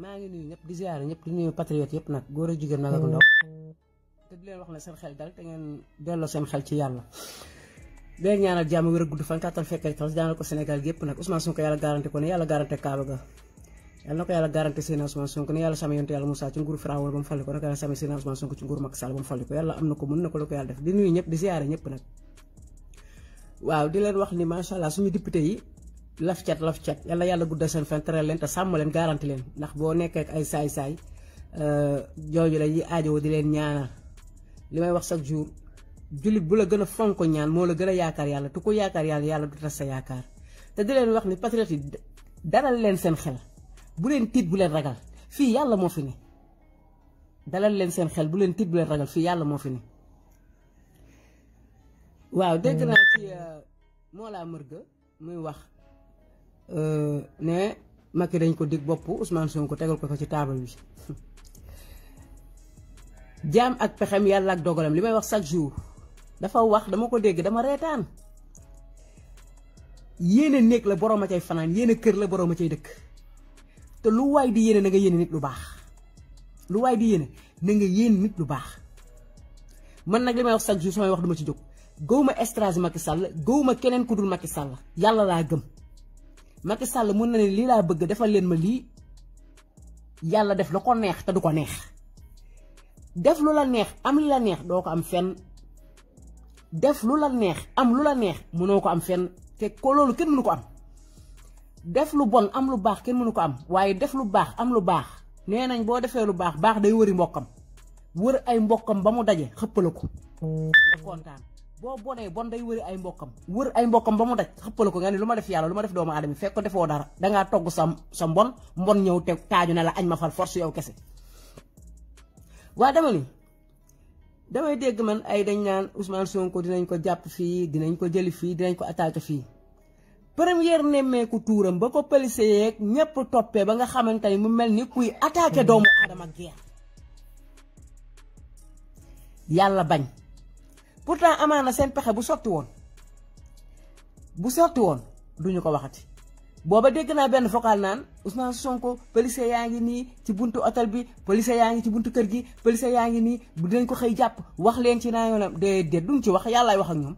maa ngi nuyu ñëpp di ziare ñëpp di nuyu patriote yëpp nag góor a jigéen nag ak ndaw te di leen wax ne seen xel dal te ngeen delloo ci yàlla a na ko yàlla garanti Seydina Ousmane Sonko ne yàlla sama yonte na ko mën na ko la ko yàlla def di nuyu ñëpp di ziare ñëpp nag waaw di leen wax ni macha allah suñu député yi laf cat laf cat yàlla yàlla guddal seen fan teral leen te sàmm leen garanti leen ndax boo nekkee ay saay-saay euh, jooju la yi aajowoo di leen ñaanal li may wax sa jour jullit bu la gën a fonk ñaan moo la gën a yaakaar yàlla te ko yaakaar yàlla yàlla du tas sa yaakaar te di leen wax ni patriote yi dalal leen seen xel bu leen tiit bu leen ragal fii yàlla moo fi ne dalal leen seen xel bu leen tiit bu leen ragal fii yàlla moo fi ne waaw dégg naa ci euh, Mollah Morgun Euh, ne Macky dañ ko dig bopp Ousmane ko tegal ko fa ci taabal bi jaam ak pexem yàlla ak dogalam li may wax chaque jour dafa wax dama ko dégg dama reetaan yéene néeg la borom a cay fanaan yéene kër la borom a cay dëkk te lu waay di yéene na nga yéene nit lu baax lu waay di yéene na nga yéene nit lu baax man nag li may wax chaque jour samay wax duma ci jóg gëw ma estrage Macky Sall gëw keneen ku dul Macky Sall yàlla laa gëm Macky Sall mu na ne li la bëgg defal leen ma li Yalla def loko nek neex te du neex def lu la neex am lula la neex do ko am fenn def lu la neex am lu la neex mëno ko am fenn te ko lolu kenn mënu ko am def lu bon am lu baax kenn mënu ko am waye def lu baax am lu baax nee nañ boo defee lu baax baax day wëri mbokam wër ay mbokam ba mu daje xëppalako ko bo boné bon day wëri ay mbokam wër ay mbokam ba mu daj xëppal ko ngani luma def yalla luma def dooma aadama fekk ko defoo dara nga togg sam sam bon mbon ñew te taaju na la añ ma fal force yow kessé wa dama ni damay dégg man ay dañ naan Ousmane Sonko dinañ ko japp fi dinañ ko jël fi dinañ ko attaqué fi premier némé ko touram ko police yek ñepp topé ba nga xamantani mu mel ni kuy attaqué doomu aadama geer Yalla bañ pourtant amaana seen pexe bu sotti woon bu sotti woon duñu ko waxati booba dégg naa benn vocal naan Ousmane Sonko policier yaa ngi nii ci buntu otel bi policier yaa ngi ci buntu kër gi policier yaa ngi nii dinañ ko xëy jàpp wax leen ci naa yoonam déedéet duñ ci wax yàllaay wax ak ñoom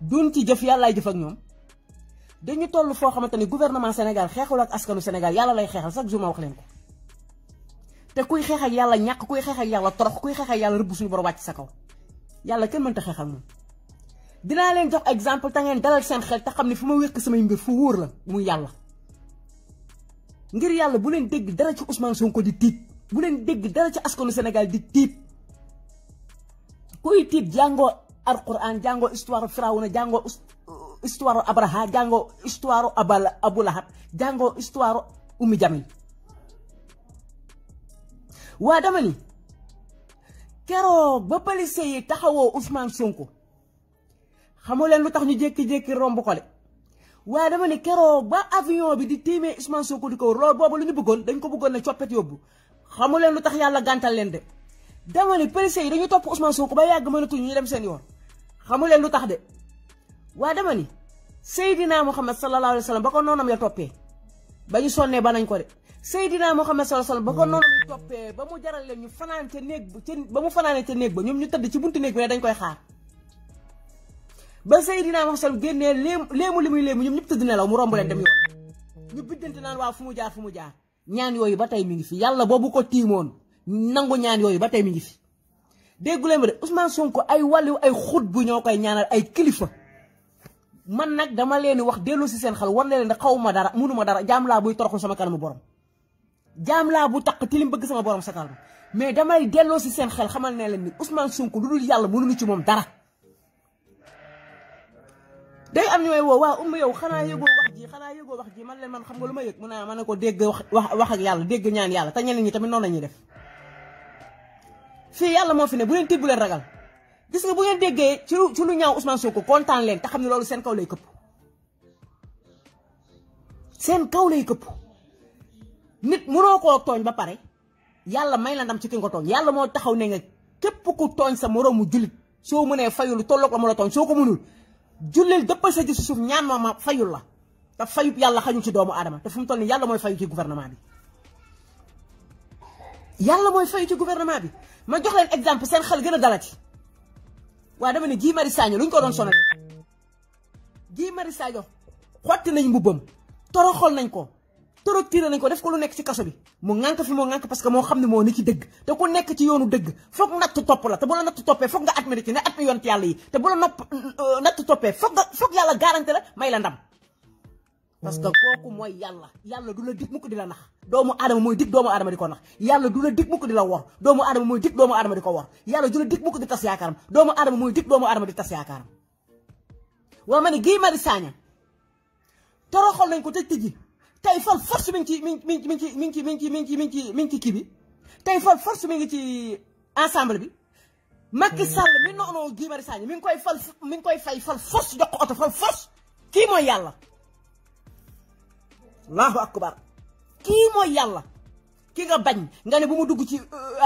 duñ ci jëf yàllaay jëf ak ñoom dañu tollu foo xamante ni gouvernement Sénégal xeexul ak askanu Sénégal yàlla lay xeexal chaque jour wax leen ko te kuy xeex ak yàlla ñàkk kuy xeex ak yàlla torox kuy xeex ak yàlla rëbb suñu borom wàcc sa kaw yàlla kenn mënta xeexal moom dinaa leen jox exemple te ngeen dalal seen xel te xam ne fu ma wékk samay mbir fu wóor la muy yàlla ngir yàlla bu leen dégg dara ci Ousmane Sonko di tiit bu leen dégg dara ci askanu Sénégal di tiit kuy tiit jàngoo alquran jàngoo histoire firawna jàngoo histoire abraha jàngoo histoire abala jàngoo histoire ummi jamil waa dama ni keroog ba policiers yi taxawoo Ousmane Sonko xamu leen lu tax ñu jékki-jékki romb ko de waaye dama ne keroog ba avion bi di tiimee Ousmane Sonko di ko lool boobu lu ñu bëggoon dañ ko bëggoon ne coppet yóbbu xamu leen lu tax yàlla gàntal leen de dama ne policiers yi dañu topp Ousmane Sonko ba yàgg mënatuñu ñu dem seen yoon xamu leen lu tax de waa dama ni Seydina Muhammad sallallahu alayhi wa sallam ba ko noonam ya toppee ba ñu sonnee ba nañ ko de. Seydina Muhammad sallallahu alayhi wasallam ba ko mm. noonu ñu toppee ba mu jaral leen ñu fanaan ca néeg ba ca ba mu fanaanee ca néeg ba ñoom ñu tëdd ci buntu néeg bi ne dañ koy xaar ba Seydina Muhammad sallallahu génnee léem léemu li muy léemu ñoom ñëpp tëdd nelaw mu romb leen dem mm. yoon ñu biddante naan waaw fu mu jaar fu mu jaar ñaan yooyu ba tey mi ngi fi yàlla boobu ko tiimoon nangu ñaan yooyu ba tey mi ngi fi dégguleen ma de Ousmane Sonko ay wàllu ay xut bu ñoo koy ñaanal ay kilifa man nag dama leen wax dellu si seen xel war na leen xaw ma dara mënuma dara jaam laa buy toroxul sama kanamu borom jam la bu taq tilim bëgg sama borom sakal ma mais damay delloo ci seen xel xamal ne leen ni Ousmane Sonko lu yalla mënu ñu ci mom dara day am ñu may woo waa umma yow xana yego wax ji xana yego wax ji man leen man xam nga luma yegg yëg mun ah, ko dégg wax wax ak yalla dégg ñaan yalla ta ñeneen ñi tamit non lañuy def fi yalla mo fi ne bu leen tibulen ragal gis nga bu ngeen déggee ci lu ci lu ñaaw Ousmane Sonko kontaan leen ta xam ni loolu seen kaw lay kepp seen kaw lay kepp nit mënoo koo tooñ ba pare yàlla may la ndam ci ki ko tooñ yàlla moo taxaw ne nga képp ku tooñ sa moroomu jullit soo mënee fayul tolloog la mu la tooñ soo ko mënul jullil dëppal sa ci suuf ñaan ma ma fayul la te fayub yàlla xañul ci doomu aadama te fu mu toll nii yàlla mooy fayu ci gouvernement bi. yàlla bi ma jox leen exemple seen xel gën a dalati waa dama ne Guy Marius Sagna lu ñu ko doon sonalee Guy Marius Sagna xotti nañ mbubbam toroxol nañ ko. torturer nañ ko def ko lu nek ci kasso bi mu ngank fi mo ngank parce que mo xamni mo ne ci deug te ku nek ci yoonu deug fokk natt top la te bu la natt topé fokk nga admire ci ne at yoon ci yalla yi te bu la euh, natt topé fokk fokk yalla garantie la may la ndam parce que koku moy yalla yalla dula dik muko dila nax doomu adam moy dik doomu adam diko nax yalla dula dik muko dila wor doomu adam moy dik doomu adam diko wor yalla dula dik muko di tass yakaram doomu adam moy dik doomu adam di tass yakaram wa man gi di saña toroxol nañ ko te tiji tay fal force mi ngi mi ngi mi ngi mi ngi mi ngi mi ngi mi ngi mi bi fal force mi ngi ci ensemble bi. Macky Sall mi nono Guy Marius Sagna mi ngi koy fal mi ngi koy fay fal force jox ko oto fal force ki mooy yalla allahu akbar ki mooy yalla ki nga bañ nga ne bu mu dugg ci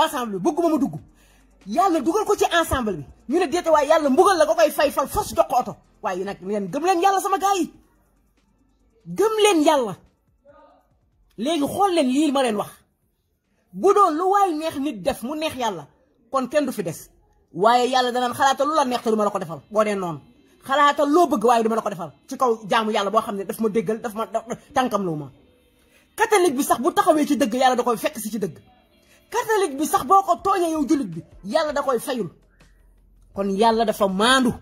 ensemble bi bëgguma mu dugg. yalla duggal ko ci ensemble bi ñu ne dété way yalla mbugal la ko koy fay fal force jox ko oto waaye nag gëm len yalla sama gaay gëm len yalla léegi xool leen lii ma leen wax bu doon lu waay neex nit def mu neex yàlla kon kenn du fi des waaye yàlla danaan xalaata lu la neex te du ma la ko defal boo dee noonu xalaata loo bëgg waaye du ma la ko defal ci kaw jaamu yàlla boo xam ne daf ma déggal daf ma tànkam lu ma catholique bi sax bu taxawee ci dëgg yàlla da koy fekk si ci dëgg catholique bi sax boo ko tooñee yow jullit bi yàlla da koy fayul kon yàlla dafa maandu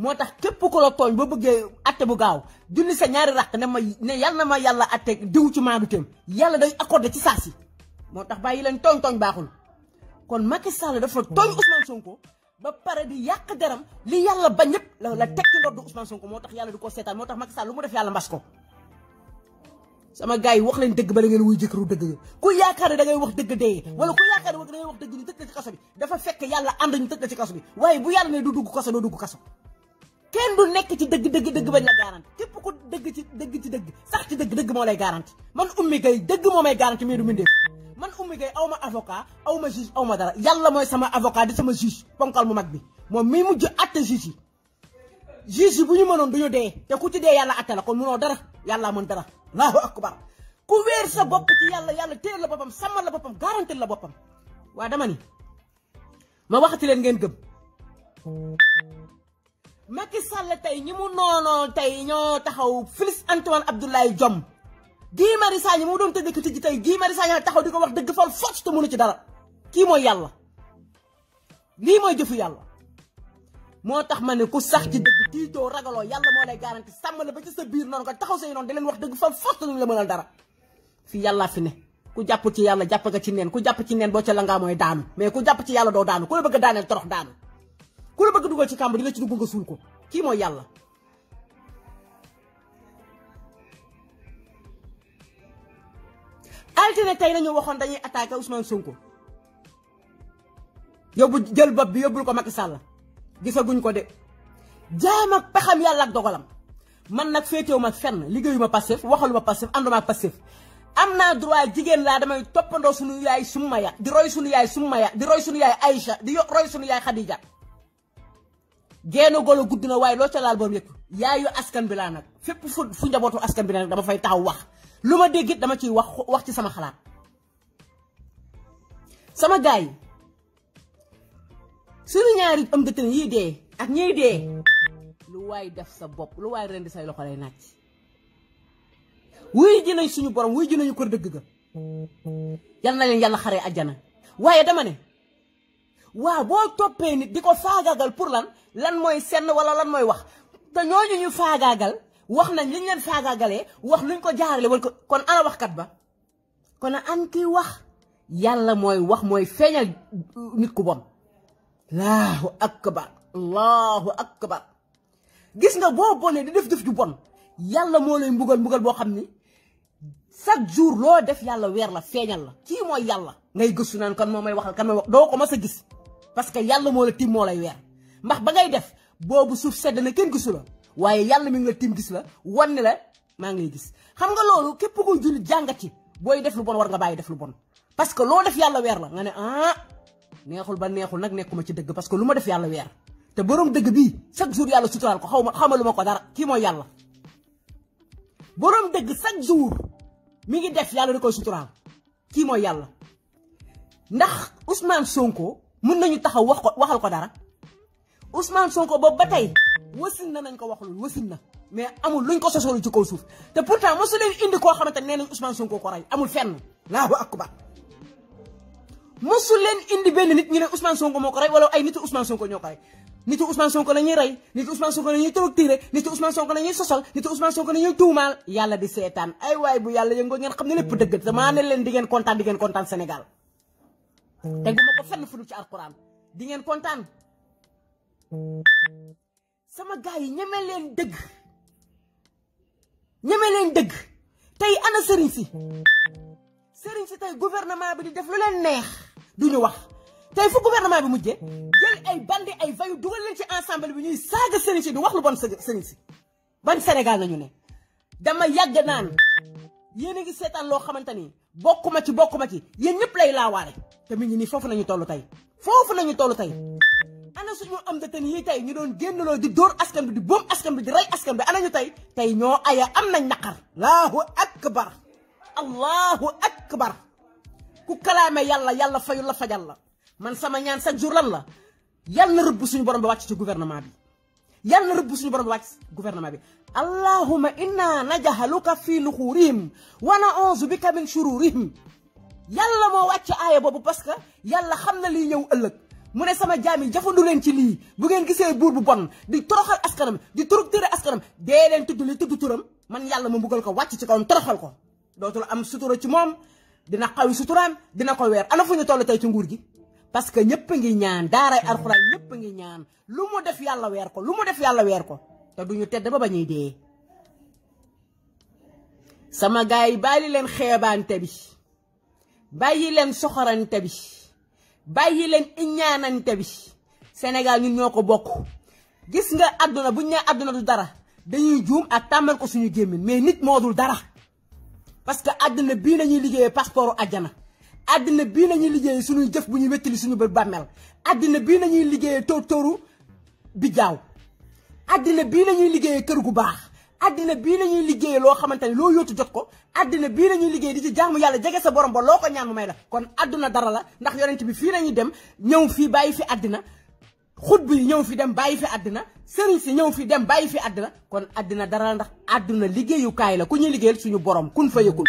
motax kep ko la togn bo beugé atté bu gaaw julli sa ñaari rak ne ma ne yalla na ma yalla atté diw ci maagu tëm day accordé ci sasi motax bayi togn togn baxul kon Macky Sall dafa togn Ousmane Sonko ba pare di yak deram li yalla ba ñëpp la la tek ci ndod Ousmane Sonko motax yalla diko sétal motax Macky Sall lu mu def yalla mbass ko sama gaay wax leen dëgg ba la ngeen wuy jëkkëru dëgg ku yaakaar da ngay wax dëgg dee wala ku yaakaar da ngay wax dëgg ni ci dafa fekk yalla and ñu tëkk ci kaso bi bu yalla ne du dugg kaso do dugg kenn du nekk ci dëgg dëgg dëgg bañ la garanti képp ku dëgg ci dëgg ci dëgg sax ci dëgg dëgg moo lay garanti man ummi gay dëgg moo may garanti mais du mu ndéef man ummi gay aw ma avocat aw ma juge aw ma dara yàlla mooy sama avocat di sama juge ponkal mu mag bi moom mi mujj atte juge yi bu ñu mënoon duñu dee te ku ci dee yàlla atte la kon munoo dara yàllaa mën dara allahu akbar ku wéer sa bopp ci yàlla yàlla téel la boppam sama la boppam garanti la boppam waa dama ni ma waxati leen ngeen gëm Macky Sall tay ñi mu noonoo tay ñoo taxaw Félix Antoine Abdoulaye Diom Di Marius Sagna moo doon tëdd ko ci tay Di Marius taxaw di wax deug fal fot te mënu ci dara ki moy Yalla lii moy jëfu Yalla moo tax ku sax ci deug tito ragalo Yalla mo lay garantie sam la ba ci sa biir non ko taxaw sey non di leen wax deug fal fot la mënal dara fi Yalla fi ne ku japp ci Yalla japp ga ci neen ku japp ci neen bo ci la nga moy daanu mais ku japp ci Yalla do daanu ku la bëgg daanel torox daanu ku la bëgg dugal ci kàmb di la ci dugg nga suul ko kii mooy yàlla altine tey nañu waxoon dañuy attaqué Ousmane Sonko yóbbu jël bopp bi yóbbul ko Macky sàll gisaguñ ko de jaam ak pexam yàlla ak dogalam man nag féetewuma fenn liggéeyuma Pastef waxaluma Pastef ànduma ak Pastef am naa droit jigéen laa damay toppandoo suñu yaay Soumaya di roy suñu yaay Soumaya di roy suñu yaay Aïcha di roy suñu yaay Khadija génn golo gudd na waaye loo ca laal boobu yëpp yaayu askan bi laa nag fépp fu fu njabootu askan bi laa nag dama fay taxaw wax lu ma dégg dama ciy wax wax ci sama xalaat sama gars yi suñu ñaari am de tën yii dee ak ñiy dee lu waay def sa bopp lu waay rendi say loxo lay naaj wuy ji nañ suñu borom wuy ji nañu ko dëgg ga yal na leen yàlla xaree ajjana waaye dama ne waaw boo toppee nit di ko faagagal pour lan lan mooy senn wala lan mooy wax te ñooñu ñu faagaagal wax nañ liñ leen faagaagalee wax luñ ko jaarale wala ko kon ana waxkat ba kon an ki wax yàlla mooy wax mooy feeñal nit ku bon allahu akbar allahu akbar gis nga boo bonee di def def ju bon yàlla moo lay mbugal mbugal boo xam ni chaque jour loo def yàlla weer la feeñal la kii mooy yàlla ngay gëstu naan kan moo may waxal kan mooy wax doo ko mas a gis parce que yàlla moo la tim moo lay weer ndax ba ngay def boobu suuf sedd na kenn gisu la waaye yàlla mi ngi la tim gis la wan ne la maa ngi lay gis xam nga loolu képp koo jullit jàngat ci booy def lu bon war nga bàyyi def lu bon parce que loo def yàlla weer la nga ne ah neexul ba neexul nag nekkuma ci dëgg parce que lu ma def yàlla weer te boroom dëgg bii chaque jour yàlla suturaal ko xaw ma xamalu ma ko dara kii mooy yàlla borom dëgg chaque mi ngi def yàlla da koy suturaal kii mooy yàlla ndax Ousmane Sonko mun nañu taxaw wax ko waxal ko dara Ousmane Sonko boobu ba tey wasin na nañ ko wax loolu wasin na mais amul luñ ko sosoolu ci kaw suuf te pourtant mosu leen indi koo xamante nee nañ Sonko ko rey amul fenn laahu akbar mosu leen indi benn nit ñu ne Sonko moo ko rey wala ay nitu Ousmane Sonko ñoo ko rey nitu Ousmane Sonko la ñuy rey nitu Ousmane Sonko la ñuy tëw tiire nitu Ousmane Sonko la ñuy sosal nitu Ousmane Sonko la ñuy tuumaal yàlla di seetaan ay waay bu yàlla yëngoo ngeen xam ne lépp dëgg damaa ne leen di kontaan di ngeen kontaan Sénégal te gu ma ko fenn fu dul ci di ngeen kontaan sama gars yi ñeme leen dëgg ñeme leen dëgg tey ana sëriñ si sëriñ si tey gouvernement bi di def lu leen neex duñu wax tey fu gouvernement bi mujjee jël ay bandi ay vayu dugal leen ci ensemble bi ñuy saaga sëriñ si du wax lu bon sëriñ si ban Sénégal nañu ne dama yàgg naan yéen a ngi seetaan loo xamante ni ma ci bokk ma ci yéen ñëpp lay laa laawaare te mi ngi nii foofu nañu toll tey foofu nañu toll tey ana suñu am da ten yi tey ñu doon génnaloo di dóor askan bi di boom askan bi di rey askan bi ana ñu tey tey ñoo aya am nañ naqar allahu akbar allahu akbar ku kalaame yàlla yàlla fayu la fajal la man sama ñaan chaque jour lan la yàlla rëbb suñu borom bi wàcc ci gouvernement bi yàlla rëbb suñu borom bi wàcc gouvernement bi allahuma inna najahaluka fi nuxuurihim wa naonzu bika min shururihim yàlla moo wàcc aaya boobu parce que yàlla xam na liy ñëw ëllëg mune sama jami jafandu len ci li bu ngeen gisee bour bu bon di toroxal askanam di turug tere askanam de len tuddu li tuddu turam man yalla mo mbugal ko wacc ci kawam toroxal ko dotul am sutura ci mom dina xawi suturam dina ko wer ana fuñu ñu tay ci nguur gi parce que ñepp ngi ñaan daaray alquran ñepp ngi ñaan lu mu def yalla wer ko lu mu def yalla wer ko te duñu tedd ba bañuy de sama gaay bayi len leen bi bayi len soxorante bi bàyyi leen iñaanante bi Sénégal ñu ñoo ko bokk gis nga àdduna buñ ne àdduna du dara dañuy juum ak tàmmal ko suñu gémmiñ mais nit moo dul dara parce que àdduna bii lañuy liggéeyee passeportu àjjana àddina bii nañuy liggéeyee suñuy jëf bu ñuy wettali suñu bët bàmmeel àddina bii nañuy liggéeyee tóor tóoru bi jaaw àddina bii nañuy liggéeyee kër gu baax àddina bii la ñuy liggéey loo xamante ne loo yóotu jot ko àddina bii la ñuy liggéey di ci jaamu yàlla jege sa borom ba loo ko ñaan may la kon àdduna dara la ndax yonent bi fii la dem ñëw fii bàyyi fi àddina xutbu yi ñëw fi dem bàyyi fi àddina sëriñ si ñëw fi dem bàyyi fi àddina kon àddina dara la ndax àdduna liggéeyukaay la ku ñuy liggéeyal suñu borom kun fa yëgul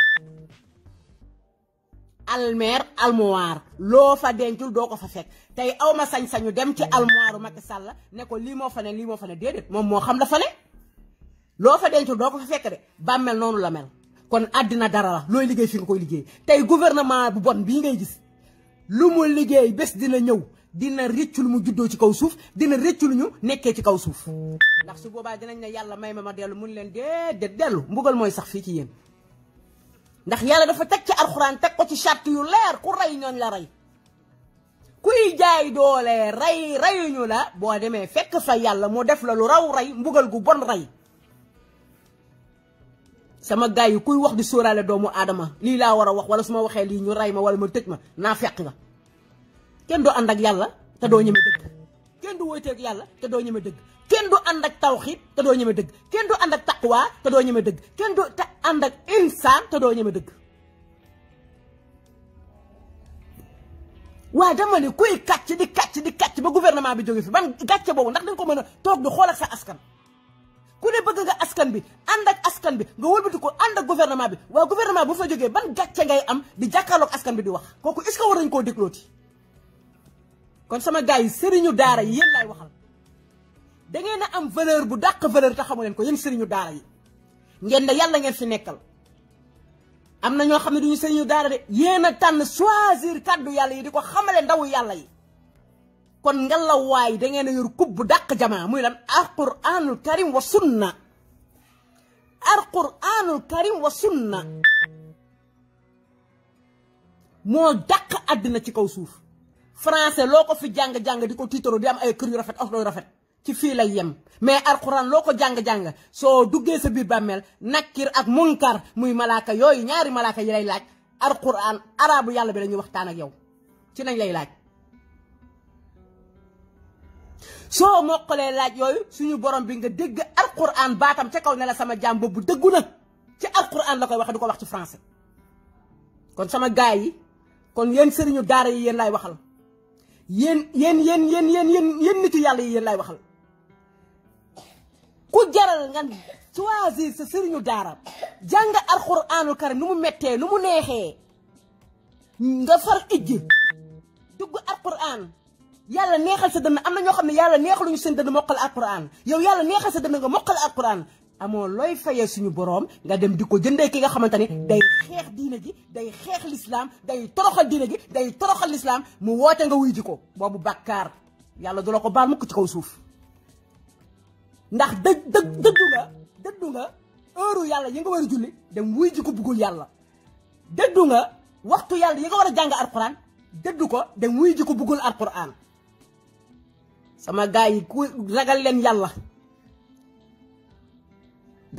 almeer almuwaar loo fa dencul doo ko fa fekk tey awma sañ-sañu dem ci almuwaaru Macky Sall ne ko lii moo fa ne lii moo fa ne moom moo xam la fa loo fa denc doo ko fa fekk de bàmmel noonu la mel kon àddina dara la looy liggéey fi nga koy liggéey tey gouvernement bu bon bii ngay gis lu mu liggéey bés dina ñëw dina rëccu lu mu juddoo ci kaw suuf dina rëccu lu ñu nekkee ci kaw suuf ndax su boobaa dinañ ne yàlla may ma ma dellu mun leen déedéet dellu mbugal mooy sax fii ci yéen ndax yàlla dafa teg ci alxuraan teg ko ci charte yu leer ku rey ñooñ la rey kuy jaay doole rey reyuñu la boo demee fekk fa yàlla mu def la lu raw rey mbugal gu bon rey sama gars yi kuy wax di sóoraale doomu aadama lii laa war a wax wala su ma waxee lii ñu ray ma wala ma tëj ma naa fekk nga kenn doo ànd ak yàlla te doo ñeme dëgg kenn du woyteeg yàlla te doo ñeme dëgg kenn du ànd ak tawxiid te doo ñeme dëgg kenn du ànd ak taqwa te doo ñeme dëgg kenn du te ànd ak insaan te doo ñeme dëgg waa dama ne kuy kàcc di kàcc di kàcc ba gouvernement bi jóge fi ban gàcce boobu ndax dañ ko mën a toog di xool ak sa askan ku ne bëgg nga askan bi ànd askan bi nga wëlbati ko ànd ak gouvernement bi waaw gouvernement bu fa jógee ban gàcce ngay am di jàkkaarloog askan bi di wax kooku est-ce que war kon sama gars yi sëriñu daara yi yéen laay waxal da ngeen am valeur bu daq valeur te xamu leen ko yéen sëriñu daara yi ngeen ne yàlla ngeen fi nekkal am na ñoo xam ne duñu sëriñu daara de yéen a tànn choisir kàddu yàlla yi di ko xamale ndawu yàlla yi kon la way da ngay a kub dak jama muy lan alquranul karim wa sunna alquranul karim wa sunna mo dak adina ci kaw suuf français loko fi janga janga di titoro di am ay kër yu rafet oto yu rafet ci fi lay yem mais alquran loko ko jang so soo sa bir bammel nakir ak munkar muy malaka yoy ñaari malaka yi lay laaj alquran arabu yalla bi lañu waxtaan ak yow ci nañ lay laaj so mokkalee laaj yoy suñu borom bi nga degg alquran batam ci kaw ne sama jambo bu dëggu na ci alquran la koy wax diko wax ci français kon sama gaay yi kon yen serignu daara yi yeen lay waxal yen yen yen yen yen yen yéen nitu yalla yi yeen lay waxal ku jaral nga choisir ce serignu daara jang alquranul karim numu mu numu nu nga far ijj dugg alquran yàlla neexal sa dënn am na ñoo xam ne yàlla neexaluñu seen dënn mokkal alquran yow yàlla neexal sa dënn nga mokkal alquran amoo looy fayee suñu boroom nga dem di ko jëndee ki nga xamante ni day xeex diina gi day xeex lislaam day toroxal diina ji day toroxal lislaam mu woote nga wuy ji ko boobu bàkkaar yàlla du la ko baal mukk ci kaw suuf ndax dë dë dëddu nga dëddu nga heure yàlla yi nga war a julli dem wuy ji ko buggul yàlla dëddu nga waxtu yàlla yi nga war a jàng alquran ko dem wuy ji ko buggul alquran sama gaa yi ku ragal leen yàlla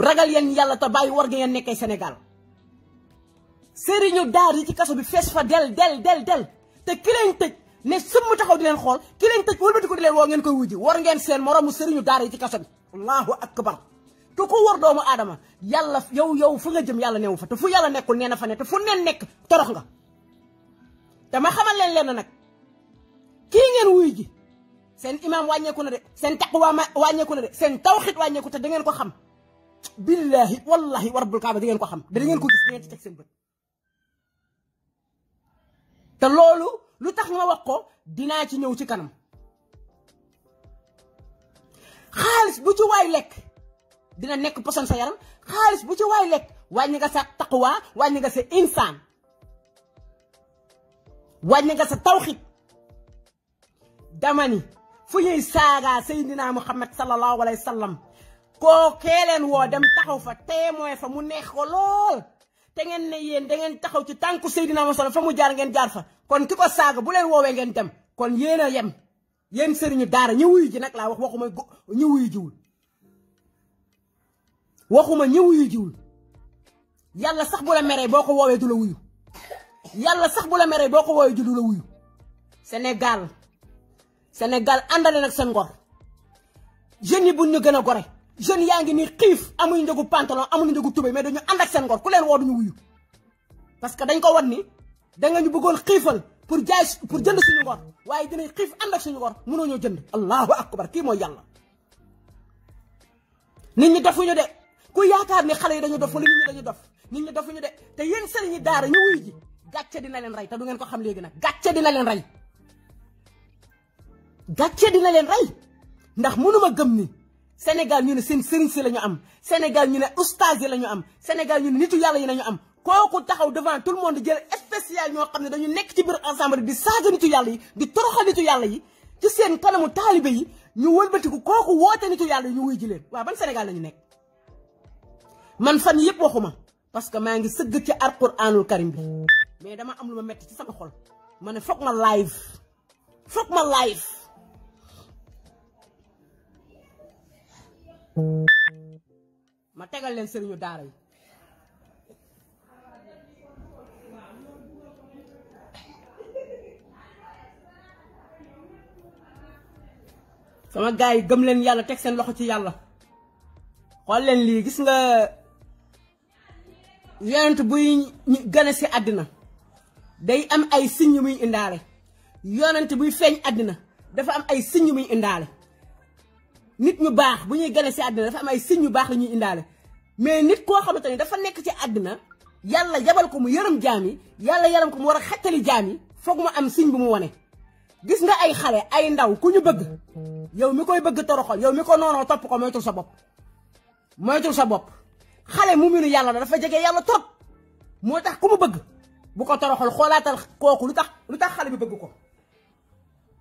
ragal leen yàlla te bàyyi war gi ngeen nekkee Sénégal sëriñu daar yi ci kaso bi fees fa del del del del te ki leen tëj ne sëmm taxaw di leen xool ki leen tëj wëlbati ko di leen woo ngeen koy ji war ngeen seen moromu sëriñu daar yi ci kaso bi allahu akbar te ku war doomu aadama yàlla yow yow fu nga jëm yàlla newu fa te fu yàlla nekkul nee na fa ne te fu neen nekk torox nga dama xamal leen leen nag kii ngeen wuy ji sen imam ko na de seen taqwa ko na de tawhid tawxit ko te da ngeen ko xam billahi wallahi warbul kaaba da ngeen ko xam da ngeen ko gis ngeen ci tek sen bët te loolu lu tax wax ko dina ci ñew ci kanam xaalis bu ci way lek dina nek poson sa yaram xaalis bu ci way lek wàññi nga sa taqwa wàññi nga sa insaan wàññi nga sa tawhid damani fu ñuy saaga Seydina Muhammad sallallahu alayhi wa sallam koo kee leen woo dem taxaw fa témoin fa mu neex ko lool te ngeen ne yéen da ngeen taxaw ci tànku Seydina Muhammad fa mu jaar ngeen jaar fa kon ki ko saaga bu leen woowee ngeen dem kon yéen yem yéen sëriñu daara ñi wuyu ji nag laa wax waxuma ñi wuyu jiwul waxuma ñi wuyu jiwul yàlla sax bu la meree boo ko woowee du la wuyu yàlla sax bu la meree boo ko woowee du la wuyu Sénégal Senegal andale nak sen ngor jeunes yi buñ ñu gën a gore ni xif amuñu njëgu pantalon amuñu njëgu tubéy mais dañu andak sen ngor ku leen wo duñu wuyu parce que dañ ko wone da nga ñu bëggol xifal pour jaay pour jënd suñu ngor waye dañay xif andak suñu ngor ñu jënd allahu akbar ki mo yalla nit ñi ñu de ku yaakar ni xalé yi dañu dof ñi dañu dof nit ñi ñu de te yeen sëriñ daara ñu wuyu ji gatcha dina leen ray ta du ngeen ko xam legi nak gatcha dina leen ray gàcce dina leen rey ndax mënuma gëm ni Sénégal ñu ne seen sëriñ si la ñu am Sénégal ñu ne oustaz yi la ñu am Sénégal ñu ne nitu yàlla yi nañu am kooku taxaw devant tout le monde jël spécial ñoo xam ne dañu nekk ci biir ensemble di saaga nitu yàlla yi di toroxal nitu yàlla yi ci seen kanamu taalibe yi ñu wëlbatiku kooku woote nitu yàlla yi ñu wuy ji leen waaw ban Sénégal la ñu nekk man fan yëpp waxuma parce que maa ngi sëgg ci alquranul karim bi mais dama am lu ma metti ci ma ne foog ma live foog ma tegal leen sëriñu daara yi sama gars yi gëm leen yàlla teg seen loxo ci yàlla xool leen lii gis nga yonent buy gane si àddina day am ay signe muy indaale yonent buy feeñ àddina dafa am ay signe muy indaale nit ñu baax bu ñuy gane ci aduna dafa am ay signe yu baax la ñuy indalé mais nit ko xamanteni dafa nekk ci aduna yàlla jabal ko mu yërëm jami yàlla yaram ko mu wara a xettali jaam yi mu am signe bu mu woné gis nga ay xale ay ndaw ku ñu bëgg yow mi koy bëgg toroxol yow mi ko nono top ko moytu sa bop moytu sa bop xale mu minu yàlla dafa jégué yàlla top motax ku mu bëgg bu ko toroxol xoolaatal koku lutax lutax xale bi bëgg ko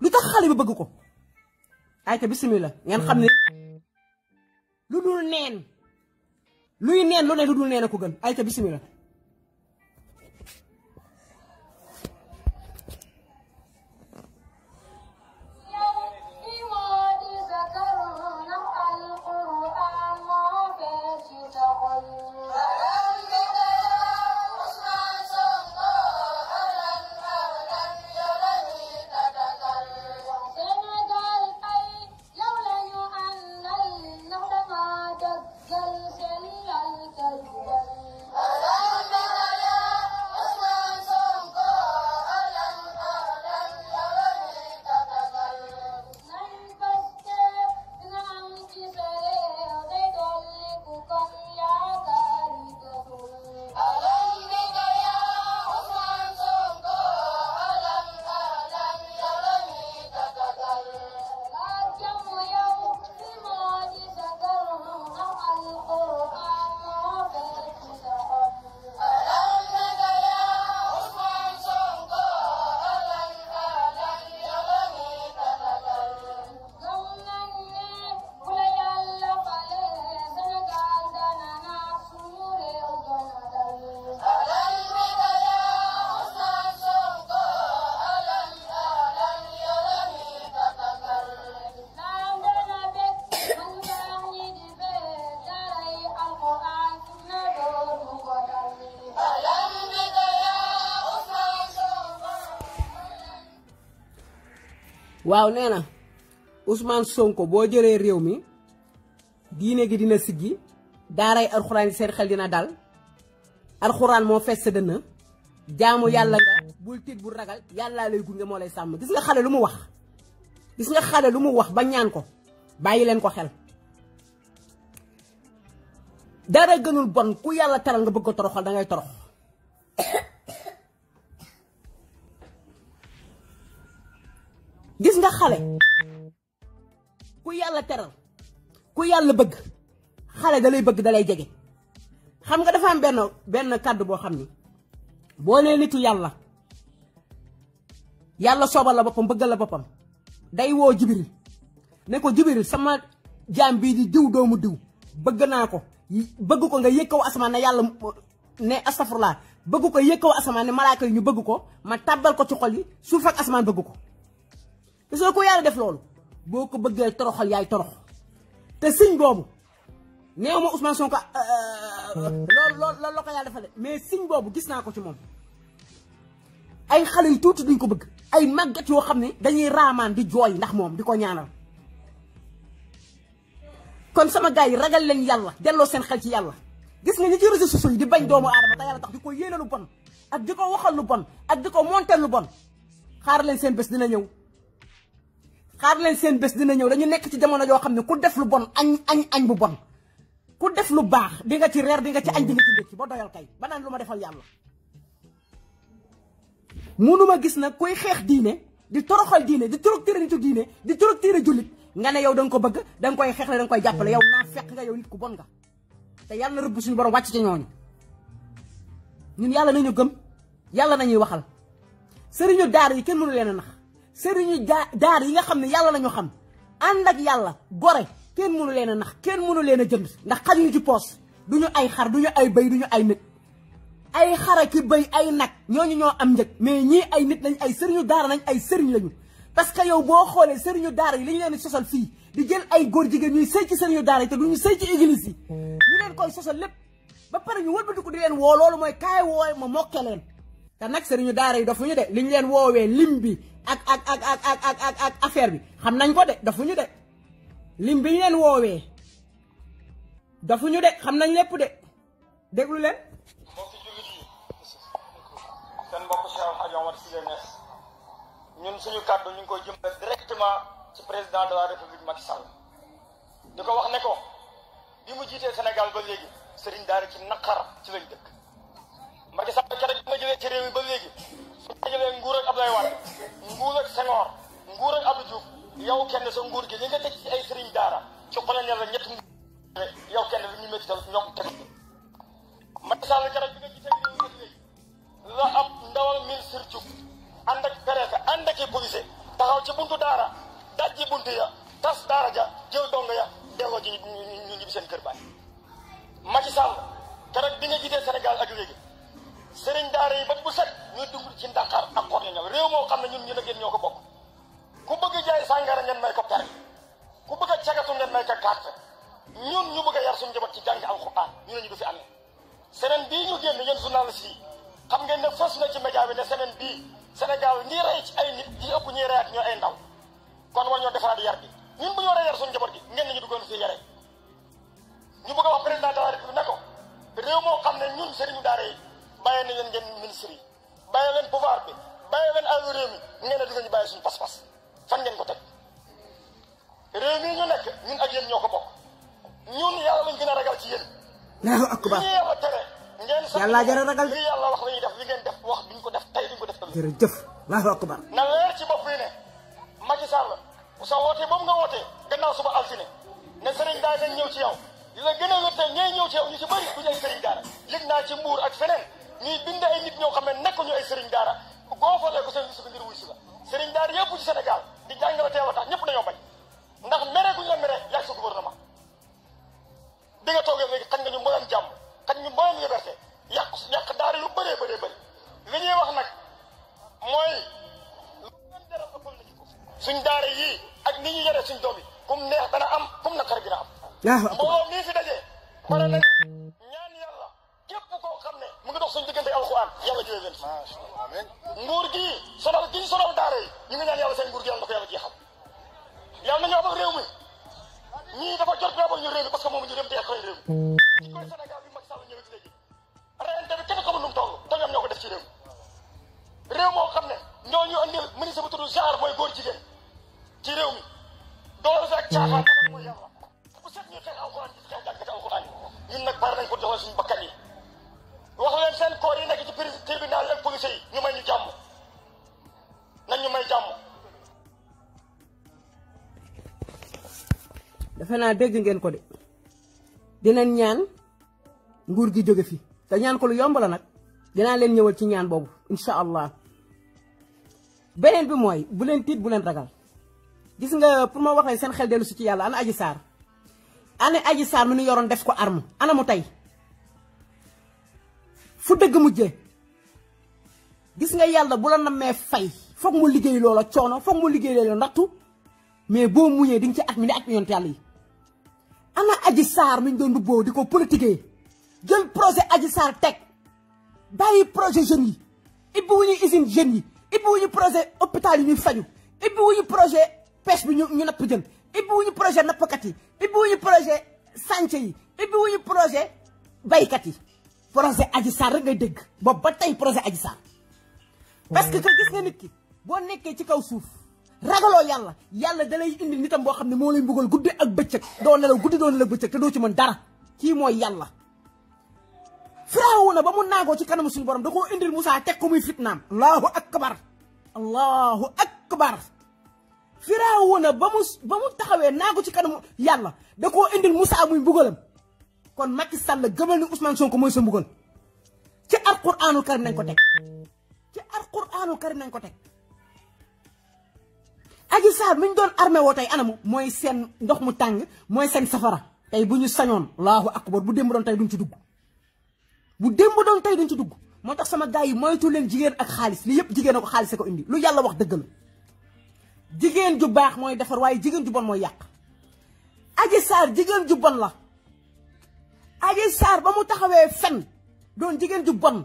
lutax xale bi bëgg ko. ayca bisimilah ngeen xam ne hmm. lu dul neen luy neen lu ne lu dul neen a ko gën ayca bisimilah waaw nee na Ousmane Sonko boo jëlee réew mi diine gi dina siggi daaray alxuraan seen xel dina dal alxuraan moo fees sa dënn jaamu yàlla nga bul tiit bul ragal yàllaa lay gunge moo lay sàmm gis nga xale lu mu wax gis nga xale lu mu wax ba ñaan ko bàyyi leen ko xel dara gënul bon ku yàlla taral nga bëgg ko toroxal dangay ngay torox gis nga xalé ku yalla teral ku yalla bëgg xalé da lay bëgg da lay jege xam nga dafa am ben ben kàddu bo xamni bo né nitu yalla yalla sobal la bopam bëggal la bopam day wo jibril né ko jibril sama jam bi di diw doomu diw bëgg na ko bëgg ko nga yëg kaw asamaan ne yàlla ne astafurlaa bëgg ko yëg kaw asamaan ne malaaka yi ñu bëgg ko ma tabal ko ci xol yi suuf ak asman bëgg ko te soo ko yàlla def loolu boo ko bëggee toroxal yaay torox te signe boobu néew ma Ousmane Sonko euh, euh, loolu loolu loolu la ko yàlla defal mais signe boobu gis naa ko ci moom ay xale yu tuuti duñ ko bëgg ay màggat yoo xam ne dañuy raamaan di jooy ndax moom di ko ñaanal kon sama gars yi ragal leen yàlla delloo seen xel ci yàlla gis nga ñi ci réseaux sociaux di bañ doomu aadama te yàlla tax di ko yéene lu bon ak di ko waxal lu bon ak di ko monter lu bon xaar leen seen bés dina ñëw xaar leen seen bés dina ñëw dañu nekk ci jamono yoo xam ne ku def lu bon añ añ añ bu bon ku def lu baax di nga ci reer di nga ci añ di nga ci ndékki ba doyal kay ba naan lu ma defal yàlla munuma gis nag kuy xeex diine di toroxal diine di torog téere nitu diine di torog téere julit nga ne yow da nga ko bëgg da nga koy xeex la da nga koy jàppale yow naa fekk nga yow nit ku bon nga te yàlla na rëbb suñu borom wàcc ci ñooñu ñun yàlla nañu gëm yàlla nañuy waxal sëriñu daara yi kenn mënu leen nax sëriñu daa daar yi nga xam ne yàlla la xam ànd ak yàlla gore kenn mënu leen a nax kenn mënu leen a jënd ndax xajuñu ci poos duñu ay xar ñu ay bëy ñu ay nit ay xara ki bëy ay nag ñoo ñooñu ñoo am njëg mais ñii ay nit lañ ay sëriñu daara nañ ay sëriñ lañu parce que yow boo xoolee sëriñu daara yi li ñu leen di sosal fii di jël ay góor jigéen ñuy sëy ci sëriñu daara yi te duñu sëy ci église yi ñu leen koy sosal lépp ba pare ñu wëlbatiku di leen woo loolu mooy kaay woowe ma mokke leen te nag sëriñu daara yi dofuñu de li ñu leen woowee lim bi ak ak ak ak ak ak ak affaire bi xam nañ ko de dafuñu de lim bi ñu leen woowee dafuñu de xam nañ lépp de déglu leen. mbokk jullit yi seen mbokk Cheikh Hadj Omar Sylla Niass ñun suñu kàddu ñu ngi koy jëmale directement ci président de la république Macky Sall di ko wax ne ko bi mu jiitee Sénégal ba léegi sëriñ daara ci naqar ci lañ dëkk Macky Sall keroog bi ma jëlee ci réew mi ba léegi. jëlee nguur ak Abdoulaye Wade nguur ak Senghor nguur ak Abdou Diouf yow kenn sa nguur gi li nga tëj ci ay sëriñ daara ci xoolal ne la ñett yow kenn li ñu métti tal ñoom teg Macky Sall garab bi nga gisee léegi la ab ndawal ministre Diouf ànd ak préfet ànd ak i policier seen kër baay Macky Sall garab bi nga gisee Sénégal ak sëriñ daara yi bët bu set ñuy dugg ci Dakar ak xor ñañal réew moo xam ne ñun ñu ne ñoo ko bokk ku bëgg jaay sàngara ngeen may ko pare ku bëgg a cagatu ngeen may ko carte ñun ñu bëgg a yar suñu ci jàng alxuraan ñu ne ñu du fi amee semaine bii ñu génn yéen journaliste yi xam ngeen ne fës na ci média bi ne semaine bii Sénégal ñi rey ci ay nit ñi ëpp ñuy ay ndaw kon war ñoo defaraat yar bi ñun bu ñu war a yar suñu njaboot gi ngeen ñu duggoon fi yare ñu bëgg xam ne ñun sëriñu daara yi bàyyi na leen ngeen ministre yi bàyyi leen pouvoir leen àll réew mi ngeen ne du ngeen ñu bàyyi suñu pas-pas fan ngeen ko teg ñu ak yéen ñoo ko bokk ñun yàlla lañ gën a ragal ci yéen. naaw ak baax li a ragal li yàlla wax la ñuy def li ngeen def wax duñ ko def tey duñ ko def tamit. jërëjëf naaw ak baax. na leer ci bopp yi ne Macky Sall sa wootee moom nga wootee gannaaw suba altine ne sëriñ daara dañ ñëw ci yow li la gën a wér tey ñëw ci yow ñu ci bëri du ñu sëriñ daara yëg naa ci mbuur ak feneen ñuy bind ay nit ñoo xam ne nekkuñu ay sëriñ daara goofalee ko seen liste ngir wuy si la sëriñ daara yëpp ci Sénégal di jàngale teew a tax ñëpp dañoo bañ ndax mere guñu la mere yaag sa gouvernement bi nga toogee léegi nga ñu mboyoon jàmm xañ ñu mboyoon liberté yàq yàq daara yu bëree bëree bëri li ñuy wax nag mooy leen dara ëppal nañu ko suñ daara yii ak ni ñu yore suñ doom yi kum neex am kum naqar dina am mbooloo mii fi dajee pare nañ koo xam ne mu ngi dox suñu diggante alxuraan yàlla jooy leen nguur gi sonal gi ñu sonal daara yi ñu ngi ñaan yàlla seen nguur gi yàlla na ko yàlla jeexal yàlla nañoo bokk réew mi ñii dafa jot boo ñu réew mi parce que moom ñu dem dee koy réew mi ci koy Sénégal bi Macky Sall ñëwee ci léegi reyante bi kenn xamul nu mu toll te ñoom ñoo ko def ci réew mi réew moo xam ne ñoo ñu andil ministre bu tudd genre mooy góor jigéen ci réew mi doole sax caaxaan mooy yàlla bu set ñuy xeex alxuraan ñun nag bari nañ ko doxal suñu bakkan yi wax leen seen koor yi nekk ci tribunal ak police yi ñu may jàmm nañ ñu may jàmm. defe naa dégg ngeen ko de dinañ ñaan nguur gi jóge fi te ñaan ko lu yomb la nag dinaa leen ñëwal ci ñaan boobu incha allah beneen bi mooy bu leen tiit bu leen ragal gis nga pour ma wax leen seen xel dellu si ci yàlla ana aji saar ana aji saar mi nu yoroon def ko arme ana mu tey. fu dëgg mujjee gis nga yàlla bu la nammee fay foog mu liggéey loola coono foog mu liggéey loola ndattu mais boo muñee di ci at mi ne at mi yonent yàlla yi ana aji saar mi doon doon dubboo di ko politiquer jël projet aji saar teg bàyyi projet jeunes yi ibbi wuñu usine jeunes yi ibbi wuñu projet hôpital yi ñuy faju ibbi wuñu projet pêche bi ñu ñu napp jën ibbi wuñu projet nappkat yi ibbi wuñu projet chantier yi ibbi wuñu projet baykat yi projet Adji Sarr rek ngay dégg boobu ba tey projet Adji Sarr parce que gis nga nit ki boo nekkee ci kaw suuf ragaloo yàlla yàlla dalay indi nitam boo xam ne moo lay mbugal guddi ak bëccëg doo nelaw guddi doo nelaw bëccëg te doo ci mën dara kii mooy yàlla Firawna ba mu naagoo ci kanamu suñu borom da koo indil musaa teg ko muy fitnaam allahu akbar allahu akbar Firawna ba mu ba mu taxawee naago ci kanamu yàlla da koo indil Moussa muy mbugalam kon Macky la gëmal ni Ousmane ko mooy sa mbugal ci alquraanul karim nañ ko teg ci alquraanul karim nañ ko teg Adji Sarr mi ñu doon armé woo tey anamu mooy seen ndox mu tàng mooy seen safara tey bu ñu sañoon allahu akbar bu démb doon tey duñ ci dugg bu démb doon tey duñ ci dugg moo tax sama gars yi moytu leen jigéen ak xaalis li yëpp jigéen ko xaalis ko indi lu yàlla wax dëgg jigéen ju baax mooy defar waaye jigéen ju bon mooy yàq Adji Sarr ju bon la Adji Sarr ba mu taxawee fen doon jigéen ju bon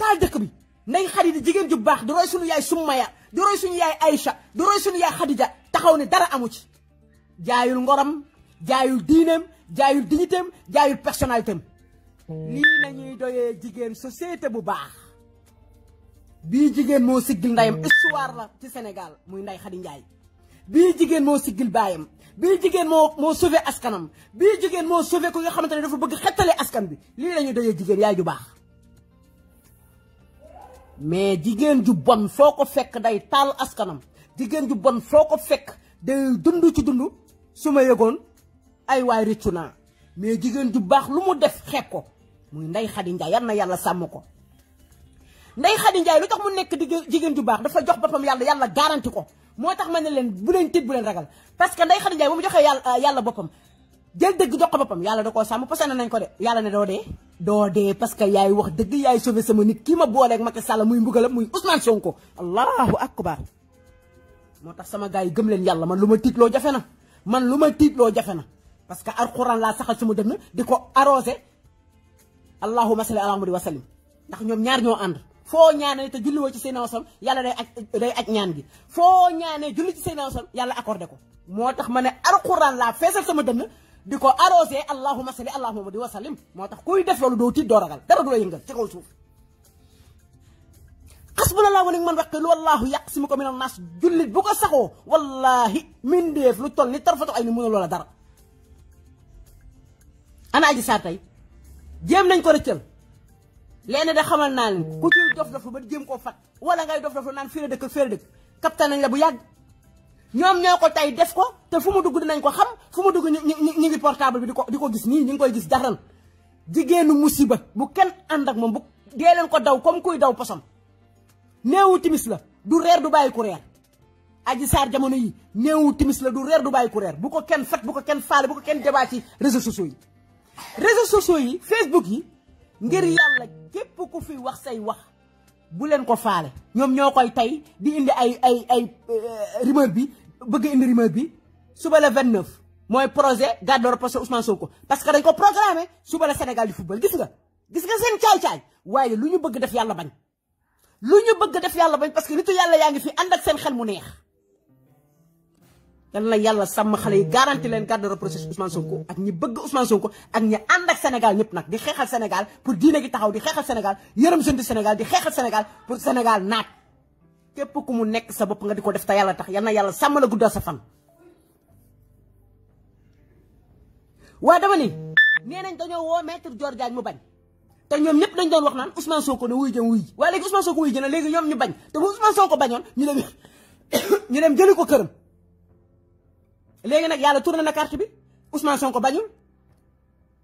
taal dëkk bi nday xarit jigéen ju baax di roy suñu yaay Summaya di roy suñu yaay Aïcha di roy suñu yaay Khadija taxaw ni dara amu ci jaayul ngoram jaayul diineem jaayul dignitéem jaayul personnalitéem lii nañuy doyee jigéen société bu baax bii jigéen moo siggil ndeyam mm. histoire ci Sénégal muy nday Khady Ndiaye bii jigéen moo siggil baayam bii jigéen moo moo sauvé askanam bii jigéen moo sauvé ko nga xamante ne dafa bëgg xettale askan bi lii la ñu doyee jigéen yaay ju baax mais jigéen ju bon foo ko fekk day taal askanam jigéen ju bon foo ko fekk day dund ci dund su ay waay rëccu mais jigéen ju baax lu mu def xeeb ko muy Ndeye Khady Ndiaye yal na yàlla sàmm ko Ndeye Khady Ndiaye lu tax mu nekk jigéen ju baax dafa jox boppam yàlla yàlla garanti ko motax man len ne leen bu len bu ragal parce que nday xadi njaay bu mu joxee yalla yàlla boppam jël dëgg jox ko boppam yàlla da koo sàmm parce que nañ ko de yalla ne do de do de parce que yaay wax deug yaay sauver sama nit kii ma booleeg Macky muy mbugal muy Ousmane Sonko allahu akbar motax sama gars gem len yalla man luma tit lo jafena man luma tit lo jafena parce que alquran la saxal sama dënn diko arroser allahumma salli ala muhammad wa sallim ndax ñom ñaar ñoo and foo ñaanee te julliwoo ci Seydina Ousmane yàlla day aj day aj ñaan gi foo ñaanee julli ci Seydina Ousmane yàlla accordé ko moo tax ma ne alquran laa feesal sama dënn di ko arrosé allahuma salli allahuma di wasallim moo tax kuy def loolu doo tiit doo ragal dara du la yëngal ci kaw suuf xasbunallahu wa ni'mal wakiil wallaahu yaqsimuka minan naas jullit bu ko saxoo wallaahi mindeef lu toll ni tarfatu ay ni mënul loola dara ana aji saar tey jéem nañ ko rëccal lenn da xamal naa leen ku ci dof dof ba jëm koo fat wala ngay dof dof naan fii la dëkk fii la dëkk kaptan nañ la bu yàgg ñoom ñoo ko tey def ko te fu mu dugg dinañ ko xam fu mu dugg ñu ñu ngi portable bi di ko di ko gis nii ñu ngi koy gis jaxran jigéenu musiba bu kenn ànd ak moom bu dee leen ko daw comme kuy daw posom néewu timis la du reer du bàyyi ku reer aji saar jamono yi néewu timis la du reer du bàyyi ku reer bu ko kenn fat bu ko kenn faale bu ko kenn débat ci réseaux sociaux yi yi Facebook yi ngir yàlla képp ku fi wax say wax bu leen ko faale ñoom ñoo koy tey di indi ay ay ay euh, rumeur bi bëgg indi rumeur bi suba la 29 mooy projet garde rapprochée Ousmane ko parce que dañ ko programmé suba la Sénégal di football gis nga gis nga seen caay-caay waaye lu ñu bëgg def yàlla bañ lu ñu bëgg def yàlla bañ parce que nitu yàlla yaa ngi fi ànd ak seen xel mu neex yalla na yalla sam xalé yi garanti leen garde processus Ousmane Sonko ak ñi bëgg Ousmane Sonko ak ñi and ak Sénégal ñep nak di xéxal Sénégal pour diiné gi taxaw di xéxal Sénégal yërem jeune Sénégal di xéxal Sénégal pour Sénégal nak képp ku mu nekk sa bop nga diko def ta yalla tax yalla yalla sam la guddal sa fan. wa dama ni nee nañ dañoo woo maître Dior mu bañ té ñom ñep dañ doon wax naan Ousmane Sonko ne wuy jëm wuy wa légui Ousmane Sonko wuy jëna légui ñom ñu bañ té Ousmane Sonko ñu dem ñu dem jëli ko légui nak yalla tourné na carte bi Ousmane Sonko bañul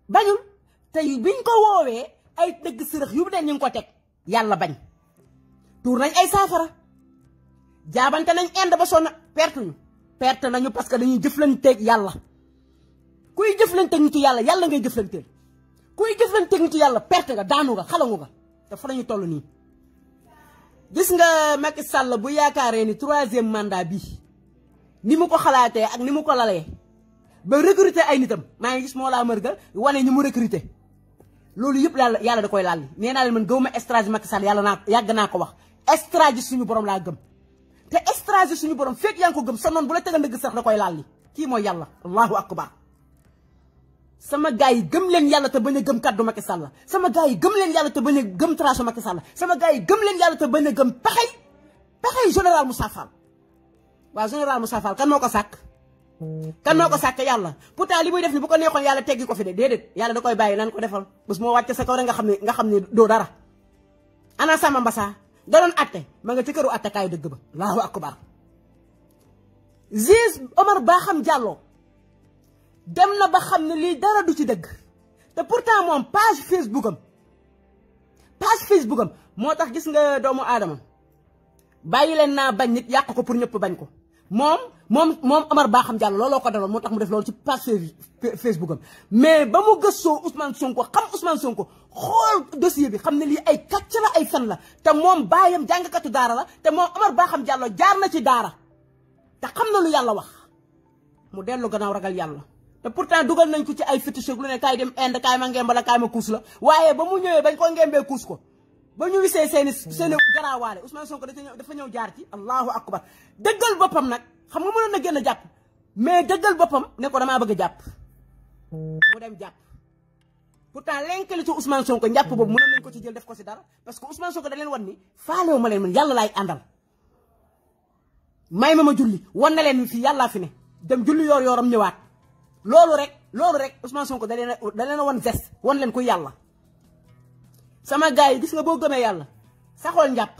bañul tay biñ ko wowe ay deug sërëx yu den ñu ko tek yalla bañ tour nañ ay safara jabanté nañ end ba son perte ñu perte nañu parce que dañuy ak yalla kuy jëflanteeg nitu yalla yalla ngay jëflanté kuy jëflanteeg nitu yalla perte nga daanu nga xalangu nga da fa lañu tollu ni gis nga Macky Sall bu ni troisième mandat bi ni mu ko xalaatee ak ni mu ko lalee ba recruter ay nitam maa ngi gis moo laa mërgal wane ñi mu recruter loolu yëpp yàlla yàlla da koy laal nee naa leen man gëw ma stratégie Macky Sall yàlla naa yàgg naa ko wax stratégie suñu borom laa gëm te stratégie suñu borom fek yaa ko gëm sa noon bu la tegal ndëgg sax da koy laal kii mooy yàlla allahu akbar sama gars yi gëm leen yàlla te bañ a gëm kaddu Macky Sall sama gars yi gëm leen yàlla te bañ a gëm trace Macky Sall sama gars yi gëm leen yàlla te bañ a gëm pexey pexey général Moussa Fall wa general Moussa kan moko sak kan moko sak yalla yàlla pourtant li muy def ni bu ko neexoon yalla teggi ko fi de dedet yalla da koy baye nan ko defal bus mo wacce sa kaw nga xamni nga xamni do dara ana sama mbassa da don atté ma nga ci atté kay deug ba allahu akbar Ziz Omar xam jallo dem na ba xamni li dara du ci deug te pourtant mom page facebookam page facebookam motax gis nga doomu bañ nit yak ko pour bañ ko moom moom moom Omar Ba xam jàll looloo ko daloon moo tax mu def loolu ci page Facebook am mais ba mu gëstoo Ousmane Sonko xam Ousmane Sonko xool dossier bi xam ne lii ay kàcc la ay fen la te moom baayam jàngkatu daara la te moom Omar Ba xam jàll jaar na ci daara te xam na lu yàlla wax mu dellu gannaaw ragal yàlla. te pourtant dugal nañ ko ci ay fétiche lu ne kaay dem Inde kaay ma ngemb la kaay ma kuus la waaye ba mu ñëwee bañ ko ngembee kuus ko. ba ñu wisee seen i seen i garaawaale Ousmane Sonko dafa ñëw dafa ñëw jaar ci allahu akbar dëggal boppam nag xam nga mënoon na génn jàpp mais dëggal boppam ne ko damaa bëgg a jàpp mu dem jàpp pourtant lenkalitu Ousmane Sonko njàpp boobu mënoon nañ ko ci jël def ko si dara parce que Ousmane Sonko da leen wan ni faalewu ma man yàlla laay àndal may ma ma julli wan na leen fii yàllaa fi ne dem julli yoor yooram ñëwaat loolu rek loolu rek Ousmane Sonko da leen da leen a wan geste wan leen ko yàlla sama gars yi gis boo gëmee yàlla saxool njàpp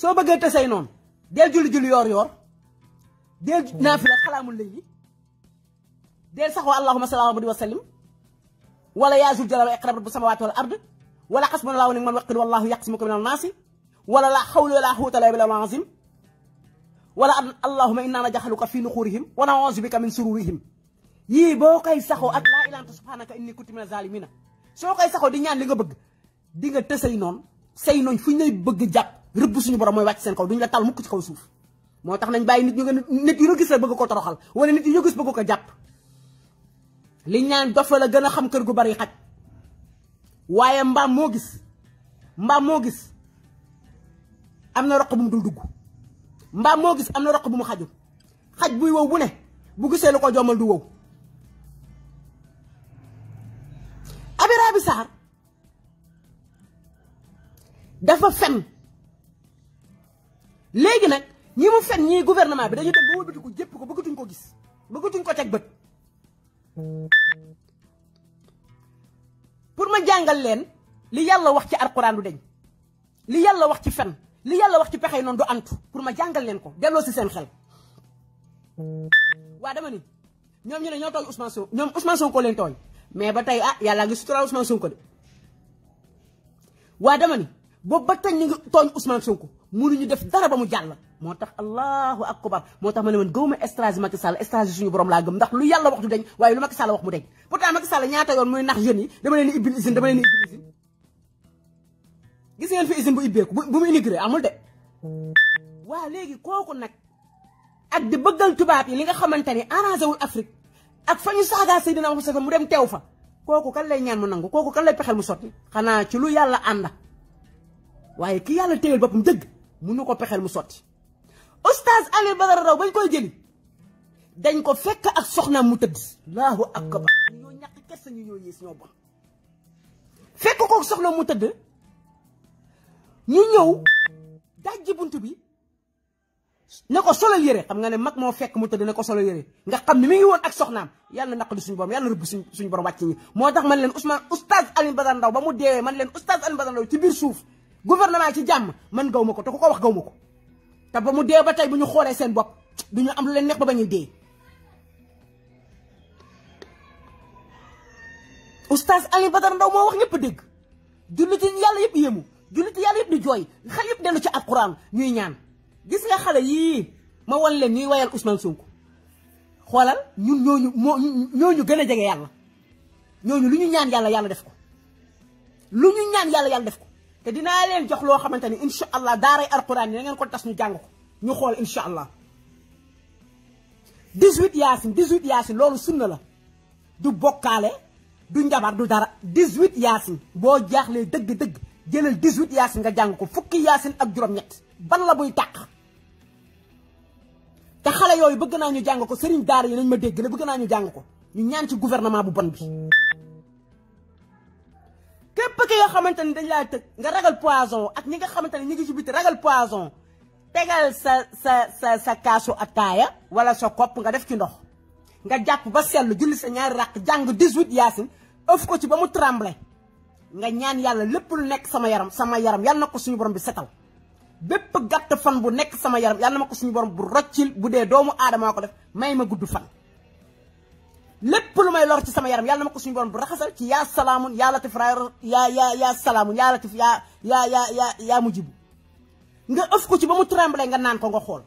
soo bëggee te say noonu deel julli julli yoor yoor deel naafila xalaamul léegi deel saxoo allahuma salli ala muhammad wa sallim wala yaa zul jalal iqrab rabbu samawaati wal ard wala xasbunallahu ni man waqil wallahu yaqsimuka min annaasi wala la xawla wala xuuta la bilal azim wala an allahuma inna najaxaluka fi nuxurihim wa nauzu bika min sururihim yii boo koy saxoo ak laa ilaha illa anta subhanaka inni kuntu mina so koy saxoo di ñaan li nga bëgg di nga tësay non sey non fuñ lay bëgg japp rebb suñu borom moy wacc seen kaw duñ la tal mukk ci kaw suuf moo tax nañ bàyyi nit ñu nit yu ñu gis la bëgg ko toroxal wala nit yu ñu bëgg ko japp li ñaan dofa la gëna xam kër gu bari xat waye mbaam mo gis mbaam mo gis amna na roq bu mu dul dugg mbaam mo gis amna roq bu mu xaju xaj buy wow bu ne bu gisee lu ko jomal du wow sar dafa fen legui nak ñi mu fen ñi gouvernement bi dañu dem ba wëlbatiku jep ko bëggutuñ ko gis bëggutuñ ko tek bëtt pour ma jangal len li yalla wax ci alquran du deñ li yalla wax ci fen li yalla wax ci pexey non du antu pour ma jangal len ko delo ci seen xel wa dama ni ñom ñu ne ñoo tooñ Ousmane Sonko ñom Ousmane ko len toy mais ba tey ah yalla gi suturaal Ousmane Sonko de waa dama ni bo ba tey ñu Ousmane Sonko ñu def dara ba mu jall motax allahu akbar motax tax man gowma estrage Macky Sall estrage suñu borom la gëm ndax lu yalla wax du deñ waye lu Macky Sall wax mu deñ pourtant Macky Sall ñaata yoon muy nax jeune yi dama leen di dama leen gis ngeen fi usine bu ko bu mu immigré amul de wa léegi koku nak ak di bëggal tubaab yi li nga xamanteni arrangerul Afrique ak fañu saga sayidina Seydina Muhammad mu dem tew fa koku kan lay ñaan mu nangu koku kan lay pexeel mu soti xana ci lu yalla ànda waaye ki yàlla téyel boppam deug mu ñuko pexeel mu soti oustaz ali badar raw bañ koy jëli dañ ko fekk ak soxna mu tedd allahu akbar ñoo ñak kess ñu ñoo yées ñoo bon fekk ko ak soxna mu tedd ñu ñëw dajji buntu bi nako solo yere xam nga ne mak mo fekk mu tedd nako solo yere nga xam ni mi ngi won ak soxnam yalla naq suñu borom yalla rubu suñu borom wacc ni motax man len ousmane oustaz ali badar ndaw ba mu deewee man len oustaz ali badar ndaw ci bir suuf gouvernement ci jam man gawmako to ko wax gawmako ta ba mu dee ba tay buñu xolé sen bop duñu am lu len ba bañu oustaz ali badar ndaw mo wax yalla yep di joy xal yep delu ci alquran ñuy ñaan gis nga xalé yi ma won leen ñuy wayal Ousmane Sonko xolal ñun ñoñu ñoñu gëna gën Yalla ñoñu luñu ñaan Yalla Yalla def ko luñu ñaan Yalla Yalla def ko te dina leen jox lo xamanteni inshallah insha allah daaray alquran yi na ko tass ñu jang ko ñu xol inshallah 18 yasin 18 yasin lolu sunna la du bokalé du njabar du dara 18 yasin bo jaxlé deug deug jëlal 18 yasin nga jang ko fukki yasin ak juroom ñet ban la buy tak té xalé yoy bëgg nañu jang ko sëriñ daar yi nañ ma dégg né bëgg nañu jang ko ñu ñaan ci gouvernement bu bon bi képp ki yo xamanteni dañ la teuk nga ragal poison ak ñi nga xamanteni ñi ngi ci biti ragal poison tégal sa sa sa sa kasu ataya wala sa kop nga def ci ndox nga japp ba sel julli sa ñaar rak jang 18 yasin euf ko ci ba mu trembler nga ñaan yalla lepp lu nek sama yaram sama yaram yalla nako suñu borom bi setal bepp gatt fan bu nekk sama yaram yalla mako suñu borom bu roccil bu dee doomu aadamaa ko def may ma gudd fan lepp lu may lor ci sama yaram yalla mako suñu borom bu raxasal ci ya salamun ya latif ya ya ya salamun ya latif ya ya ya ya ya mujibu nga euf ko ci bamu tremblé nga nan ko nga xol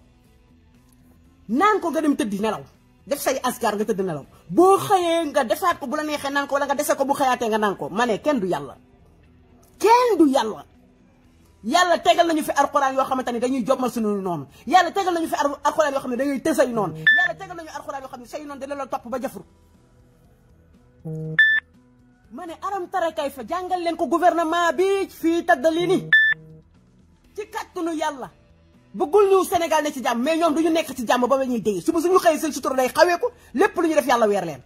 nan ko nga dem nelaw def say askar nga teddi nelaw bo xeye nga defat ko bu la nexé nan ko wala nga dese ko bu xeyaté nga nan ko mané du yalla kenn du yalla yalla tegal nañu fi alquran yo xamanteni dañuy jobmal suñu non yalla tegal nañu fi alquran yo xamanteni dañuy tessay non yalla tegal nañu alquran yo xamanteni sey non dañ la top ba jafru mané aram tara kay fa jangal len ko gouvernement bi fi tadali ni ci katunu yalla bëggul ñu sénégal ne ci jamm mais ñom duñu nekk ci jamm ba ñuy dey suba suñu xey seen sutur day xawé ko lepp luñu def yalla wër len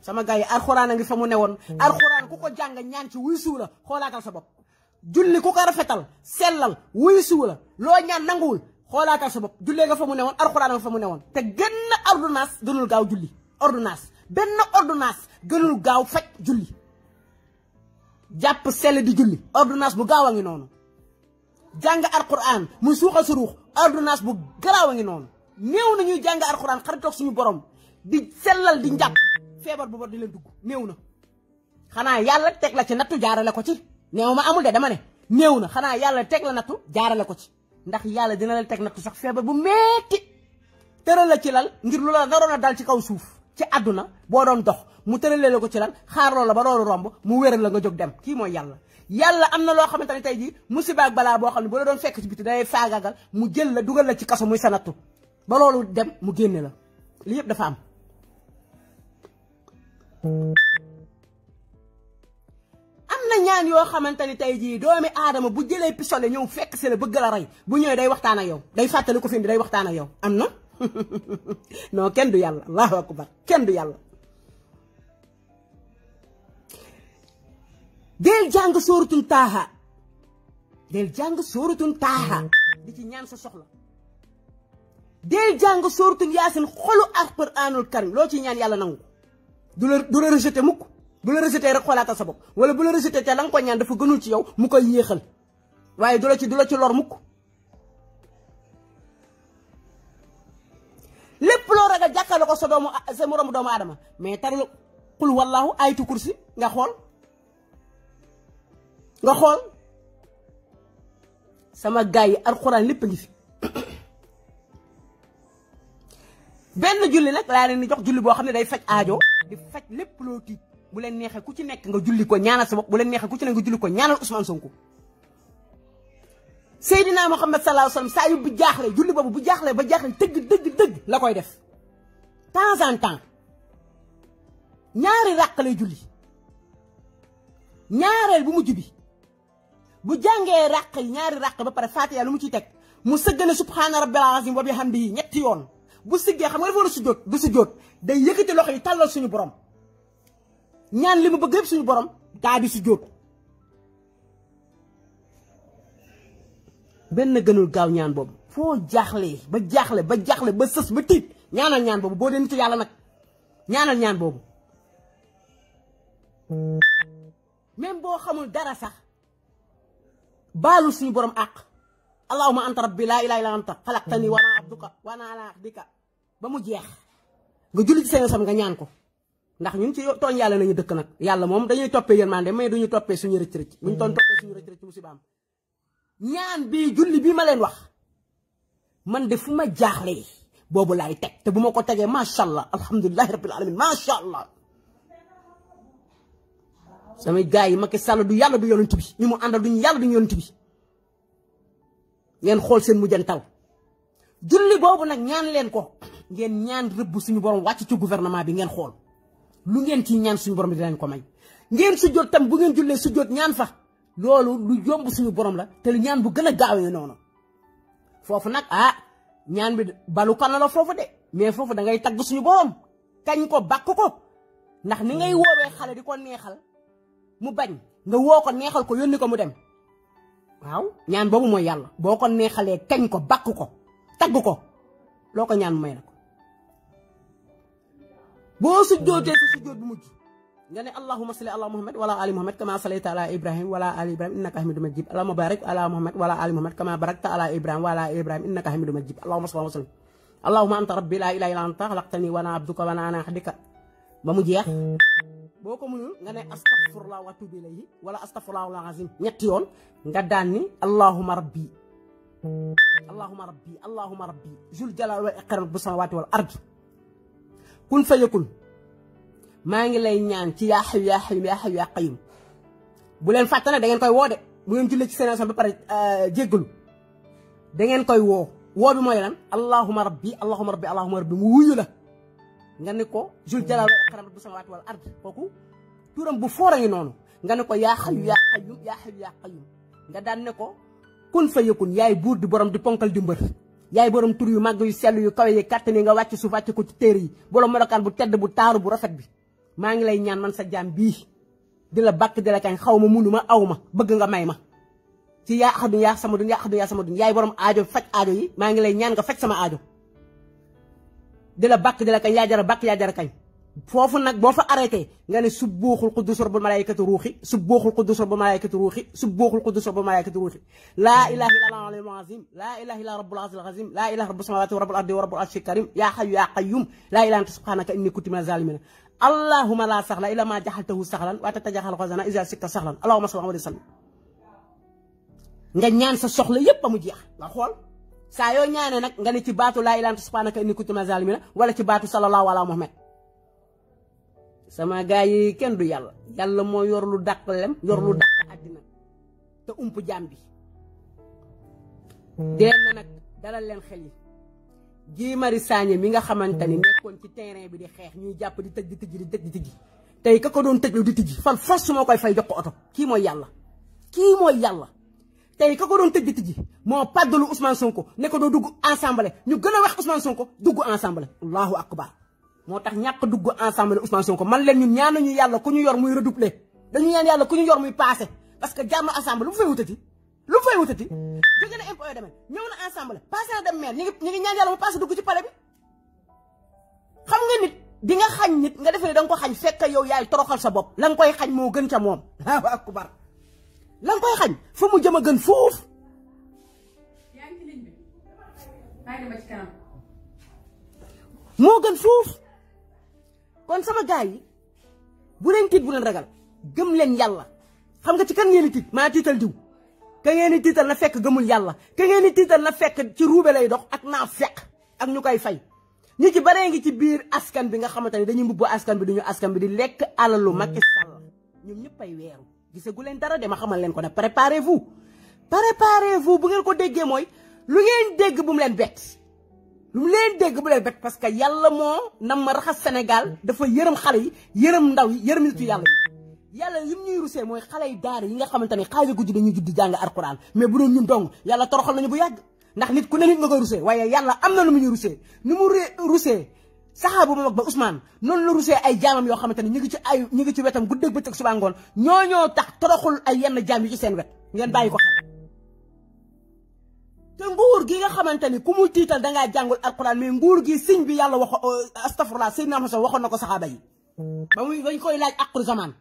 sama gaay alquran nga fa mu newon mm. alquran ku ko jang ñaan ci wuy suula xolaatal sa bop julli ku ko rafetal selal wuyisu la lo ñaan nangul xoolaatal sa bopp jullee nga fa mu newoon alxuraan nga fa mu newoon te genn ordonnance dunul gaaw julli ordonnance benn ordonnance gënul gaaw fajj julli japp sel di julli ordonnance bu gaaw a ngi noonu jàng alquran mu suxa suruh ordonnance bu graaw a ngi noonu néew na ñuy jàng alquran suñu borom di selal di njàpp febar bu bor di leen dugg néew xana yalla tek la ci natu jaarale ko ci néew ma amul de dama ne néew na xanaa yàlla teg la nattu jaarale ko ci ndax yàlla dina la teg nattu sax feebar bu metti tëral la ci lal ngir lu la naroon a dal ci kaw suuf ci àdduna boo doon dox mu tëralee la ko ci lal xaarloo la ba loolu romb mu wéral la nga jóg dem kii mooy yàlla yàlla am na loo xamante ne tey jii musiba baa balaa boo xam ne bu la doon fekk ci biti day faagaagal mu jël la dugal la ci kaso muy sa nattu ba loolu dem mu génne la li yëpp dafa am na ñaan yoo xamante ni tey jii doomi aadama bu jëlee pistolet ñëw fekk si la bëgg la bu ñëwee day waxtaan ak yow day fàttali ko fi indi day waxtaan am na non kenn du yàlla allahu akbar kenn du yàlla del jàng sóoratun taaha del jàng sóoratun taaha di ci ñaan sa soxla del jàng sóoratun yaasin xolu alquraanul karim loo ci ñaan yàlla nangu du la du bu la rejeté rek xoolaatal sa bopp wala bu la rejeté te la nga ko ñaan dafa gënul ci yow mu koy yéexal waaye du la ci du la ci lor mukk lépp loo ragal jàkkale ko sa doomu sa moromu doomu aadama mais tar xul wallaahu aytu kursi nga xool nga xool sama gaa yi alxuraan lépp a ngi fi benn julli nag laa leen di jox julli boo xam ne day faj aajo di faj lépp loo tiit bu leen aku ku ci nekk nga julli ko ñaanal sa bopp bu leen neexee ku ci nekk nga julli ko ñaanal Ousmane Sonko Seydina Muhammad sallallahu alayhi wasallam saa yu bu jaaxle julli boobu bu jaaxle ba jaaxle dëgg dëgg dëgg la koy def temps en temps ñaari ràq lay julli ñaareel bu bi bu ñaari ba pare Fatiha lu mu mu rabbil azim wa bihamdihi ñetti yoon bu siggee xam nga dafa war a du sujjóot day yëkkati suñu borom ñaan limu bëgg yëpp suñu borom da di si jóot ben gënul gaaw ñaan boobu fo jaxlé ba jaxlé ba jaxlé ba sës ba tit ñaanal ñaan boobu bo den ci yalla nak ñaanal ñaan boobu même bo xamul dara sax balu suñu borom ak allahumma anta rabbi la ilaha illa anta khalaqtani wa ana abduka wa ana ala abdika ba mu jeex nga julli ci nga ñaan ko ndax ñun ci toñ yalla lañu dëkk nak yalla mom dañuy yeen yërmande may duñu topé suñu rëcc rëcc buñ ton topé suñu rëcc rëcc musiba am ñaan bi julli bi ma leen wax man de fu bobu lay tek té buma ko bu ma sha allah alhamdullahi rabbil alamin sha allah sama gaay yi Sall du yalla du yonent bi ñu mu àndal duñu yalla duñu yonent bi ngeen xol seen mujjantal julli bobu nak ñaan leen ko ngeen ñaan rebb suñu borom wacc ci gouvernement bi ngeen xol lu ngeen ci ñaan suñu borom dinañ ko may ngeen su jot tam bu ngeen julle su jot ñaan fa lolu lu yomb suñu borom la te lu ñaan bu gëna gaawé nono fofu nak ah ñaan bi balu kan la fofu de mais fofu da ngay tag suñu borom kañ ko bakk ko ndax ni ngay wowe xalé di neexal mu bañ nga wo ko neexal ko yónni ko mu dem waw ñaan bobu moy yalla boko ko kañ ko bakk ko tag ko loko ñaan may la jote su su jote bu mujj nga ne salli ala muhammad wala ali muhammad kama sallaita ala ibrahim wala ali ibrahim innaka hamidum majid Allahumma barik ala muhammad wala ali muhammad kama barakta ala ibrahim wa ali ibrahim innaka hamidum majid Allahumma salli wa Allahumma anta rabbi la ilaha illa anta khalaqtani wa ana abduka wa ana ahdika ba mu jeex boko ko nga ne astaghfirullah wa tubu ilayhi wala astaghfirullah azim ñetti yoon nga daan allahumma rabbi allahumma rabbi allahumma rabbi jul jalal wal ikram bu samawati wal ardi kun fa yakun maa ngi lay ñaan ci yaa xayu yaa xayu yaa xayu yaa qayum bu leen fàtte nag da ngeen koy woo de bu ngeen jullee ci seen ba pare euh, jéggalu da ngeen koy woo woo bi mooy lan allahuma rabbi allahuma rabbi allahuma rabbi mu wuyu la nga ne ko jul jalal karam bu samawati wal ard kooku turam bu foora ngi noonu nga ne ko yaa xayu yaa qayum yaa yaa nga daan ne ko kun fa yakun yaay buur di borom di ponkal di mbër yaay borom tour yu mag yu sel yu kawé yi kàttan nga wàcc su wàcc ko ci téré yi borom melokaan bu tedd bu taru bu rafet bi ma ngi lay ñaan man sa jaam bi dila bak dila kañ xaw ma munu bëgg nga mayma ci ya xadu ya sama dun ya xadu ya sama dun yaay borom aajo fajj aajo yi ma ngi lay ñaan nga fajj sama aajo dila bak dila kañ jara bak ya jara kañ فوفو نك بوفو اريتي غاني سبوخ القدوس رب الملائكه روحي سبوخ القدوس رب الملائكه روحي سبوخ القدوس رب الملائكه روحي لا اله الا الله العلي العظيم لا اله الا رب العزيز العظيم لا اله رب السماوات ورب الارض ورب العرش الكريم يا حي يا قيوم لا اله انت سبحانك اني كنت من الظالمين اللهم لا سهل الا ما جحلته سهلا وتتجاهل خزانا اذا سكت سهلا اللهم صل على وسلم nga ñaan sa soxla yépp amu jeex la xol sa yo ñaané nak nga ni ci batu la ilaha illallah subhanaka inni kuntu mazalimin wala ci batu sallallahu alaihi wa sallam sama gaay yi kenn du yalla yalla mo yor lu dakalem lem yor lu dak adina te ump jambi hmm. den nak dalal len xel yi gi mari sañe mi nga xamante hmm. nekkon ci terrain bi di xex ñuy japp di tejj di tejj di tejj di tejj tay ka ko doon tejj lu di tejj fal force mo koy fay jox ko oto kii mooy ki kii mooy yàlla ka ko doon tejj di tejj mo padlu Ousmane Sonko ne ko do dugg ensemble ñu gëna wax Ousmane Sonko dugg ensemble allahu akbar motax ñak ñàkk dugg ensemble Ousmane Sonko man leen ñun ñaanuñu yàlla ku ñu yor muy redoubler dañu ñaan yalla ku ñu yor muy passer parce que jamm ensemble lu mu fay wutati lu mu fay wutati jóge na impôt ñëw na ensemble passer.. na dem maire ñi ñaan yalla mu sommes dugg ci pale bi xam nga nit di nga xañ nit nga defee da nga ko xañ fekk yow yaay toroxal sa nous la nga koy xañ mo gën ca moom de akubar la nga koy xañ fa mu jëm a ci kanam mo gën ensemble, kon sama gars yi bu leen tiit bu leen ragal gëm leen yàlla xam nga ci kan ngeen di maa tiital diw ka ngeen di tiital na fekk gëmul yàlla ka ngeen di tiital na fekk ci ruube lay dox ak naa fekk ak ñu koy fay ñi ci baree ngi ci biir askan bi nga xamante ne dañuy mbubboo askan bi duñu askan bi di lekk alalu Macky Sall ñoom ñëpp ay weeru gisagu leen dara dama xamal leen ko ne préparez vous préparez vous bu ngeen ko déggee mooy lu ngeen dégg bu mu leen bett lu leen dégg bu leen bett parce que yàlla moo nam ma raxas Sénégal dafa yërëm xale yi yërëm ndaw yi yërëm nitu yàlla yi yàlla yim ñuy rusee mooy xale yi daara yi nga xamante ne xaaja guddi dañuy judd jàng alquran mais bu doon ñun dong yàlla toroxal bu yàgg ndax nit ku ne nit nga koy rusee waaye yàlla am na lu mu ñuy rusee ni mu rusee saxaabu bu mag ba noonu la rusee ay jaamam yoo xamante ne ñu ngi ci ay ñu ngi ci wetam guddeeg bëccëg suba ngoon ñoo ñoo tax toroxul ay yenn jaam yi ci seen wet ngeen bàyyi ko nguur gi nga xamanteni ni ku mu tiital dangaa jàngul alquran mais nguur gi seigne bi yalla waxo euh, astaghfirullah seigne naa sa waxoon na yi ba muy bañ koy laaj aqul zaman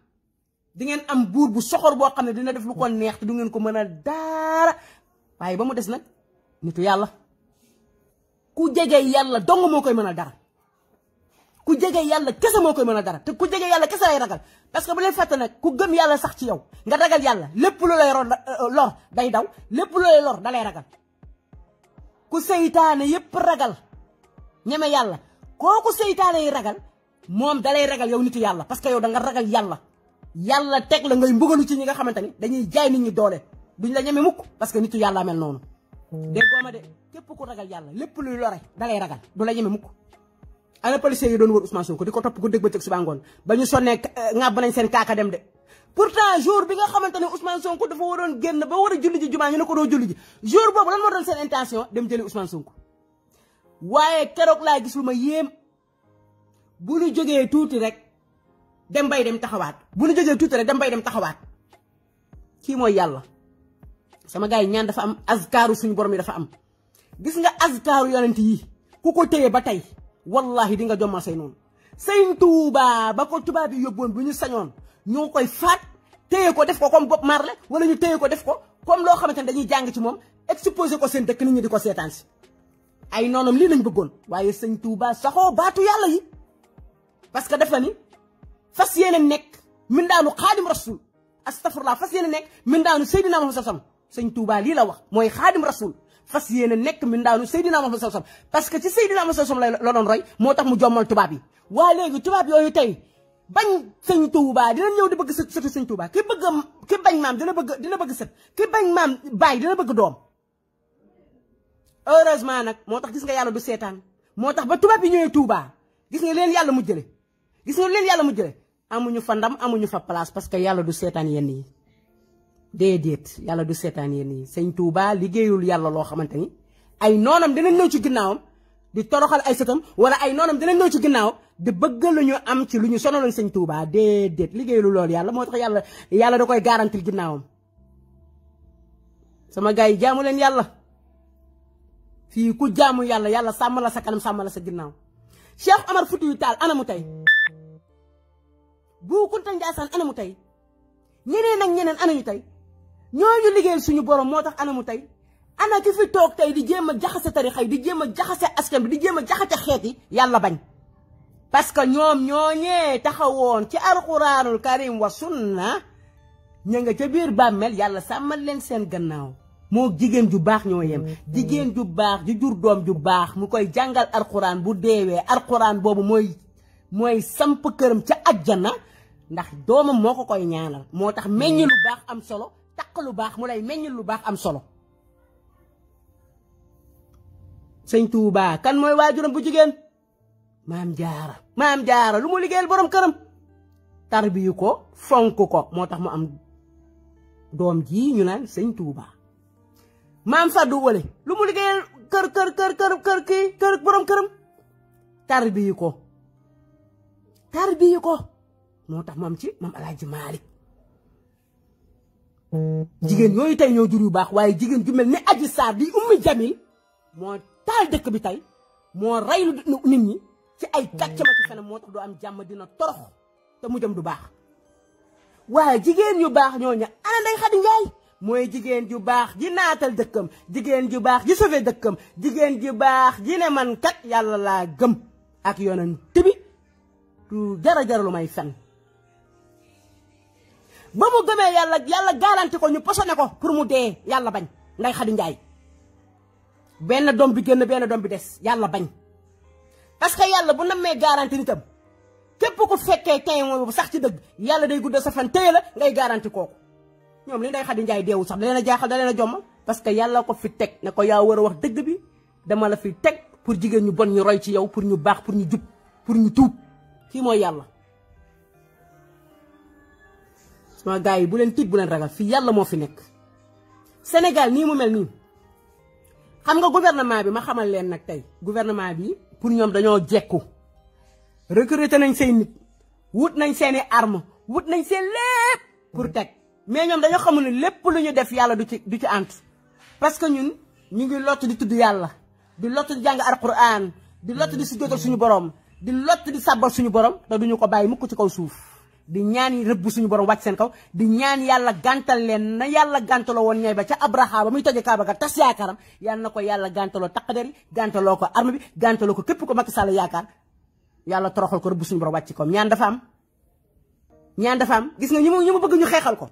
di ngeen am bour bu soxor bo xamne dina def lu ko neex te du ngeen ko meuna dara waye ba mu nitu yalla ku jege yalla dong mo koy meuna dara ku jege yalla kessa mo koy meuna dara te ku jege yalla kessa lay ragal parce que bu len fatte nak ku gëm yalla sax ci yow nga ragal yalla lepp euh, lu lay lor day daw lepp lu lay lor dalay ragal ku seytaane yëpp ragal ñeme yàlla kooku seytaane yi ragal moom dalay ragal yow nitu yàlla parce que yow da nga ragal yàlla yàlla teg la ngay mbugalu ci ñi nga xamante ni dañuy jaay nit ñi doole duñ la ñeme mukk parce que nitu yàlla mel noonu déggoo ma de képp ku ragal yàlla lépp luy lore dalay ragal du la ñeme mukk ana policier yi doon wër Ousmane Sonko di ko topp guddeeg bëccëg suba ngoon ba ñu sonnee eh, ŋàbb nañ seen kaaka dem de pourtant jour bi nga xamante ne Ousmane Sonko dafa waroon génn ba war a julli ji jumaa ñu ne ko doo julli ji jour boobu lan moo doon seen intention dem jëli Ousmane Sonko waaye gis lu ma yéem bu ñu tuuti rek dem taxawaat bu ñu jógee tuuti rek dem dem taxawaat kii mooy yàlla sama gars yi ñaan dafa am azkaaru suñu borom yi dafa am gis nga azkaaru yonent yi ku ko téye ba tey wallahi di nga jommal say noonu sëñ Tuubaa ba ko tubaab yi yóbboon bu ñu sañoon ñoo koy faat téye ko def ko comme Bob Marley wala ñu téye ko def ko comme loo xamante ne dañuy jàng ci moom exposé ko seen dëkk nit ñi di ko seetaan si. ay noonam lii lañ bëggoon waaye sëñ Touba saxoo baatu yàlla yi parce que dafa ni fas yéene nekk mindaanu xaadim rasul astafurlah fas yéene nekk mindaanu Seydina Muhammad sallam sëñ Touba lii la wax mooy xaadim rasul fas yéene nekk mindaanu Seydina Muhammad sallam parce que ci Seydina Muhammad sallam la doon roy moo tax mu jommal tubaab yi waa léegi tubaab yooyu tey. bañ sëñ Touba dina ñew di bëgg sët sëtu sëñ Touba ki bëgg ki bañ maam dina bëgg dina bëgg sëtu ki bañ maam bay dina bëgg doom heureusement nak motax gis nga yalla du sétan motax ba touba bi ñewé Touba gis nga leen yalla mu jëlé gis nga leen yalla mu jëlé amuñu fa ndam amuñu fa place parce que yalla du sétan yenn yi dédét yalla du sétan yenn yi sëñ Touba ligéyul yalla lo xamanteni ay nonam dina ñew ci ginnawam di toroxal ay sëtam wala ay noonam dinañ ñëw ci ginnaaw di bëgg lu ñu am ci lu ñu sonaloon sëñ Touba déedéet liggéey lu loolu yàlla moo tax yàlla yàlla da koy garantil ginnaawam sama gars yi jaamu leen yàlla fii ku jaamu yàlla yàlla sàmm la sa kanam sàmm la sa ginnaaw Cheikh Omar Foutiyou Tall mu tey Bou Kounta Ndiassane anamu tey ñeneen ak ñeneen ñu tey ñooñu liggéeyal suñu borom moo tax mu tey ana ki fi tok tay di jema a jaxase tarixa di jema a jaxase askan di jema a xeti yalla bañ parce que ñom ñoñe taxawon ci alquranul karim wa sunna ña nga ca biir bàmmeel yàlla sàmmal leen seen gannaaw mo jigen ju bax ñoo yem mm-hmm. jigéen ju bax ju jur dom ju bax mu koy jangal alquran bu dewe alquran bobu moy moy samp keureum ci aljana ndax doomam moo ko koy ñaanal motax lu bax am solo tak lu bax mu lay lu bax am solo sëñ Touba kan mooy waajuram bu jigéen maam jaara maam jaara lu mu liggéeyal borom këram tarbiyu ko fonk ko moo tax mu am doom ji ñu naan sëñ Touba maam Fadou Wale lu mu liggéeyal kër kër kër kër kër kii kër borom këram tarbiyu ko tarbiyu ko moo tax moom ci moom Alaaji Maalik jigéen yooyu tey ñoo jur yu baax waaye jigéen ju mel ne Adji di ummi Jamil taal dëkk bi tey moo rey lu nit ñi ci ay kàcc ma ci fenam moo tax doo am jàmm dina torox te mu jëm du baax waaye jigéen yu baax ñooñu ana Ndeye Khady Ndiaye mooy jigéen ju baax ji naatal dëkkam jigéen ju baax ji sauvé dëkkam jigéen ju baax ji ne man kat yàlla laa gëm ak yonent bi du jara jara lu may fen ba mu gëmee yàlla yàlla garanti ko ñu posone ko pour mu dee yàlla bañ Ndeye Khady Ndiaye benn doom bi génn benn doom bi des yàlla bañ parce que yàlla bu nammee garanti nitam képp ku fekkee tey moom bu sax ci dëgg yàlla day guddal sa fan téye la ngay garanti kooku ñoom li day xadi njaay deewu sax da leen a jaaxal da leen a jommal parce que yàlla ko fi teg ne ko yaa war a wax dëgg bi dama la fi teg pour jigéen ñu bon ñu roy ci yow pour ñu baax pour ñu jub pour ñu tuub kii mooy yàlla sama gars yi bu leen tiit bu leen ragal fii yàlla moo fi nekk Sénégal nii mu xam nga gouvernement bi ma xamal len nak tay gouvernement bi pour ñom dañu jekku recruter nañ seen nit wut nañ seen arme wut nañ seen lepp pour tek mais ñom dañu xamul ne lépp lu ñu def yalla du ci du ci ant parce que ñun ñi ngi lott di tuddu yalla di lott di jang alcorane di lott di sujjootal suñu borom di lott di sabbal suñu borom da duñu ko bayyi mukk ci kaw suuf di ñaan rebb suñu borom wacc seen kaw di ñaan yalla gantal len, na yalla gantalo won ñay ba ca abraha ba muy toje kaaba ka tass yaakaram yalla nako yalla gantalo takdari gantalo ko arme bi gantalo ko kep ko Macky Sall yaakaar yàlla toroxal ko rebb suñu borom wacc ko ñaan dafa am ñaan dafa am gis nga ñimu ñimu bëgg ñu xéxal ko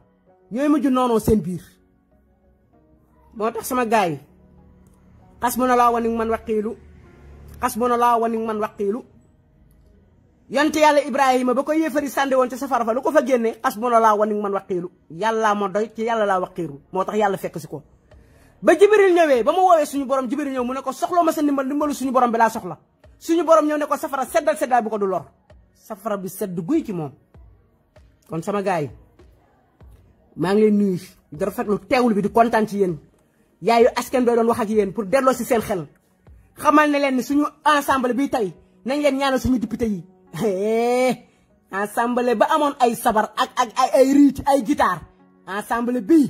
ñooy ju nono seen biir moo tax sama gaay xas mu na laa man waqiilu xas yonte yalla ibrahima bako ko yefari sande won ci safar fa lu ko fa genné asbuna la wa man waqilu yalla mo doy ci yalla la waqiru motax yalla fekk ci ko ba jibril ñewé bama wowe suñu borom jibril ñew mu ne ko soxlo ma sa nimbal ndimbalu suñu borom bi la soxla suñu borom ñew ne ko safara seddal seddal bu ko du lor safara bi sedd guuy ci mom kon sama gaay ma ngi leen nuyu di rafetlu tewul bi di contant ci yeen yaayu asken do doon wax ak yeen pour delo ci sen xel xamal ne leen suñu ensemble bi tay nañ leen ñaanal suñu député yi ensemble ba amone ay sabar ak ak ay ay riit ay guitar ensemble bi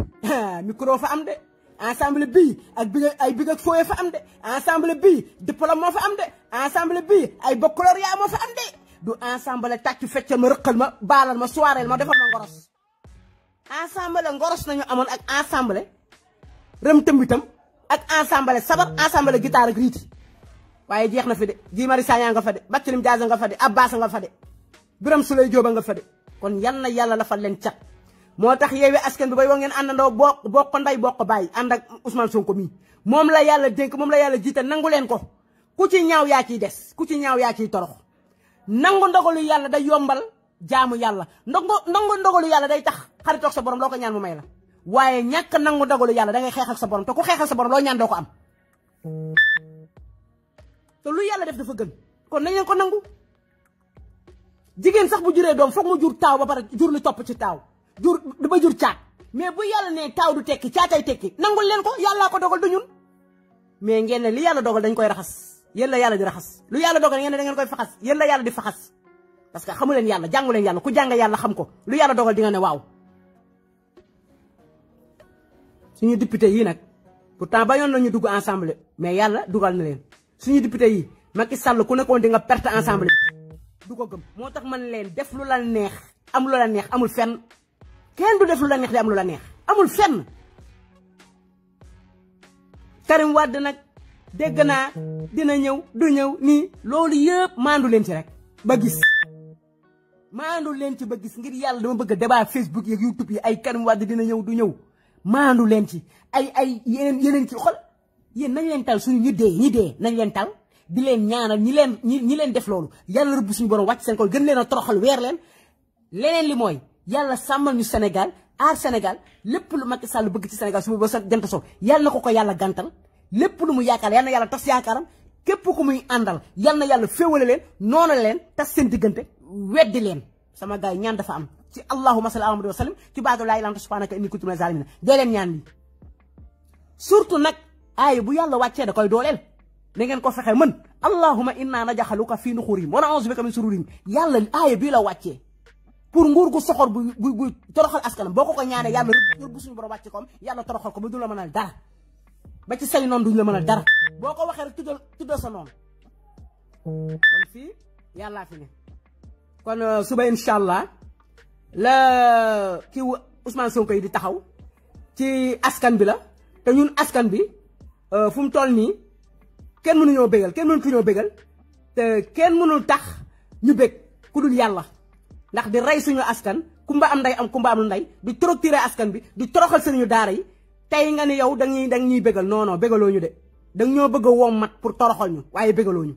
micro fa am de ensemble bi ak bi ay big ak foye fa am de ensemble bi diplôme moo fa am de ensemble bi ay baccalauréat mo fa am de du ensemble tàcc feccal ma rekkal ma balal ma soirée ma defal ma ngoros ensemble ngoros nañu amone ak ensemble rëm tëmbitam ak ensemble sabar ensemble guitar ak riiti waye jeex na fi de Guy mari Sagna nga fa de Barthélémy Dias nga fa de Abbas nga fa de Birame sulay joba nga fa de kon yalla na la fa len ciat motax yewi asken bi boy wo ngeen andando bok bok nday bok bay and ak Ousmane Sonko mi mom la yalla denk mom la yalla jiite nangulen ko ku ci ñaaw ya ci des ku ci ñaaw ya ci torox nangu ndogolu yalla day yombal jaamu yalla nangu ndogalu day tax xaritok sa borom loko ñaan mu may la waye ñak nangu ndogolu yalla da ngay xeexal sa borom te ku xeexal sa borom lo ñaan do ko am te lu yalla def dafa gën kon nañ leen ko nangu jigen sax bu juré dom foog mu jur taw ba jur lu top ci taw jur ba jur mais bu yalla ne taw du tekki caatay tekki nangul leen ko yalla ko dogal du ñun mais ngeen ne li yalla dogal dañ koy raxas yalla yalla di raxas lu yalla dogal ngeen da ngeen koy faxas yalla yalla di faxas parce que xamu leen yàlla jàngu leen yàlla ku jang yalla xam ko lu yalla dogal di nga ne waw suñu député yi nak pourtant yon nañu dugg ensemble mais yalla dugal na leen suñu député yi Macky Sall ku nekkon di nga perte ensemble du ko gëm motax man leen def lu la neex am lu la neex amul fenn kenn du def lu la neex di am lu la neex amul fenn Karim Wade nak degg na dina ñew du ñew ni loolu yëpp mandu leen ci rek ba gis mandu leen ci ba gis ngir yalla dama bëgg débat Facebook yeeg YouTube yi ay Karim Wade dina ñew du ñew mandu leen ci ay ay yeneen yeneen ci xol yéen nañ leen tal suñu ñu dee ñi dee nañ leen tal di leen ñaanal ñi leen ñi ñi leen def loolu yàlla rëbb suñu borom wàcc seen kol gën leen a toroxal weer leen leneen li mooy yàlla sàmmal ñu senegal aar senegal lépp lu Macky Sall bëgg ci Sénégal suba ba sa jant so yàlla na ko ko yàlla gàntal lépp lu mu yaakaar yàlla na yàlla tas yaakaaram képp ku muy àndal yàlla na yàlla féewale leen noona leen tas seen diggante weddi leen sama gaa yi ñaan dafa am si allahumma salli ala ma wa sallim ci baatu laa ilaaha illa anta subhaanaka inni kuntu minaz zaalimiin ñaan li ay bu yalla wacce da koy dolel ne ngeen ko fexé man allahumma inna najaxaluka fii nuxurim wa naawsu bika min sururin yalla ay bi la wacce pour nguur gu soxor bu bu toroxal askanam boko ko ñaané yalla yàlla bu suñu borom wacce kom yalla toroxal ko ba dul la mënal dara ba ci say non duñ la mënal dara boko waxé rek tuddal tuddal sa non kon fi yalla fi ne kon euh, suba inshallah la ki Ousmane Sonko yi di taxaw ci askan bi la te ñun askan bi Euh, fu mu toll nii kenn mënuñoo bégal kenn mënut ñoo bégal te kenn mënul tax ñu bég ku dul yàlla ndax di rey suñu askan kumba am ndey am kumba amul ndey di torturer askan bi di toroxal ñu daara yi tey nga ni yow dañuy danga ñuy bégal noonoo bégaloo ñu de dang ñoo bëgg a mat pour toroxal ñu waaye bégaloo ñu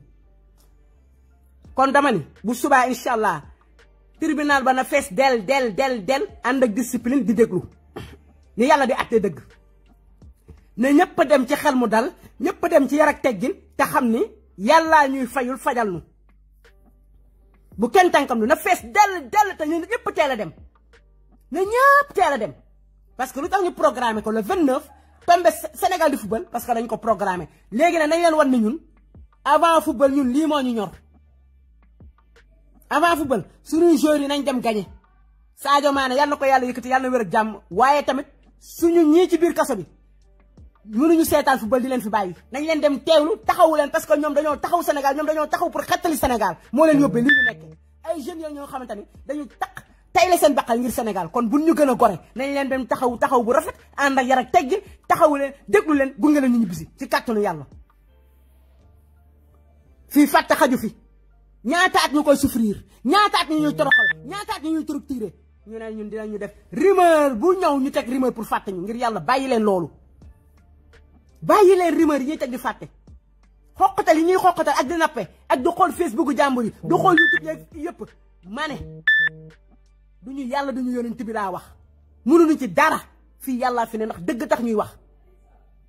kon dama ni bu subaa incha allah tribunal ba na fees del del del del ànd ak discipline di déglu ni yàlla di àttee dëgg ne ñepp dem ci xel mu dal ñepp dem ci yarak teggin te xamni yalla ñuy fayul fajal nu bu kenn tankam lu na fess dell dell te ñun ñepp téla dem ne ñepp téla dem parce que lu tax ñu programmer ko le 29 tombe Sénégal du football parce que dañ ko programmer légui na nañ leen won ni ñun avant football ñun li mo ñu ñor avant football suñu joueur yi nañ dem gagner Sadio Mané yalla na ko yalla yëkëti yalla wër wér ak jàmm waaye tamit suñu ñi ci biir kasso bi ñu mënuñu seetaan football di leen fi bàyyi na leen dem teewlu taxawu leen parce que ñoom dañoo taxaw Sénégal ñoom dañoo taxaw pour xettali Sénégal moo leen yóbbee li ñu nekkee ay jeunes yooyu ñoo xamante ni dañu taq tey la seen baqal ngir Sénégal kon buñ ñu gën a gore nañ leen dem taxaw taxaw bu rafet ànd ak yar ak teggi taxawu leen déglu leen gunge leen ñu ñibbisi ci kàttanu yàlla fii fàtte xaju fi ñaata at ñu koy souffrir ñaata at ñu ñuy toroxal ñaata at ñu ñuy torturé ñu ne ñun dinañu def rumeur bu ñëw ñu teg rumeur pour fàtte ngir yàlla bàyyi leen loolu Bayi leen rumeur yi ñuy di faté xoqatal li ñi xoqatal ak di nappé ak du xol facebook jàmbur yi di youtube yépp ma ne du ñu yàlla yonent bi la wax ñu ci dara Fi yalla fi ne nak deug tax ñuy wax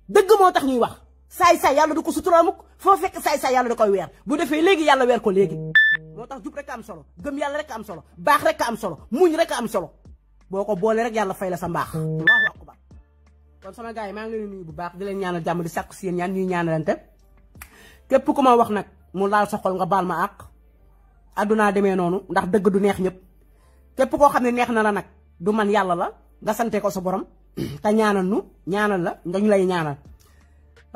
deug mo tax ñuy wax say say yalla du ko suturaa mukk foo fekk say say yalla da koy wër bu défé légui yalla wër ko légui motax tax rek am solo gëm yalla rek am solo bax rek am solo muñ rek am solo boko bolé rek yalla fay la sa mbax allahu akbar kon sama gay ma ngi leen nuyu bu baax di leen ñaanal jamm di sakku seen ñaan ñi ñaanalante kep ku nak mu laal sa xol nga bal ma ak aduna deme nonu ndax deug du neex ñep kep ko xamne neex na la nak du man yalla la nga sante ko sa nu ñaanal la nga ñu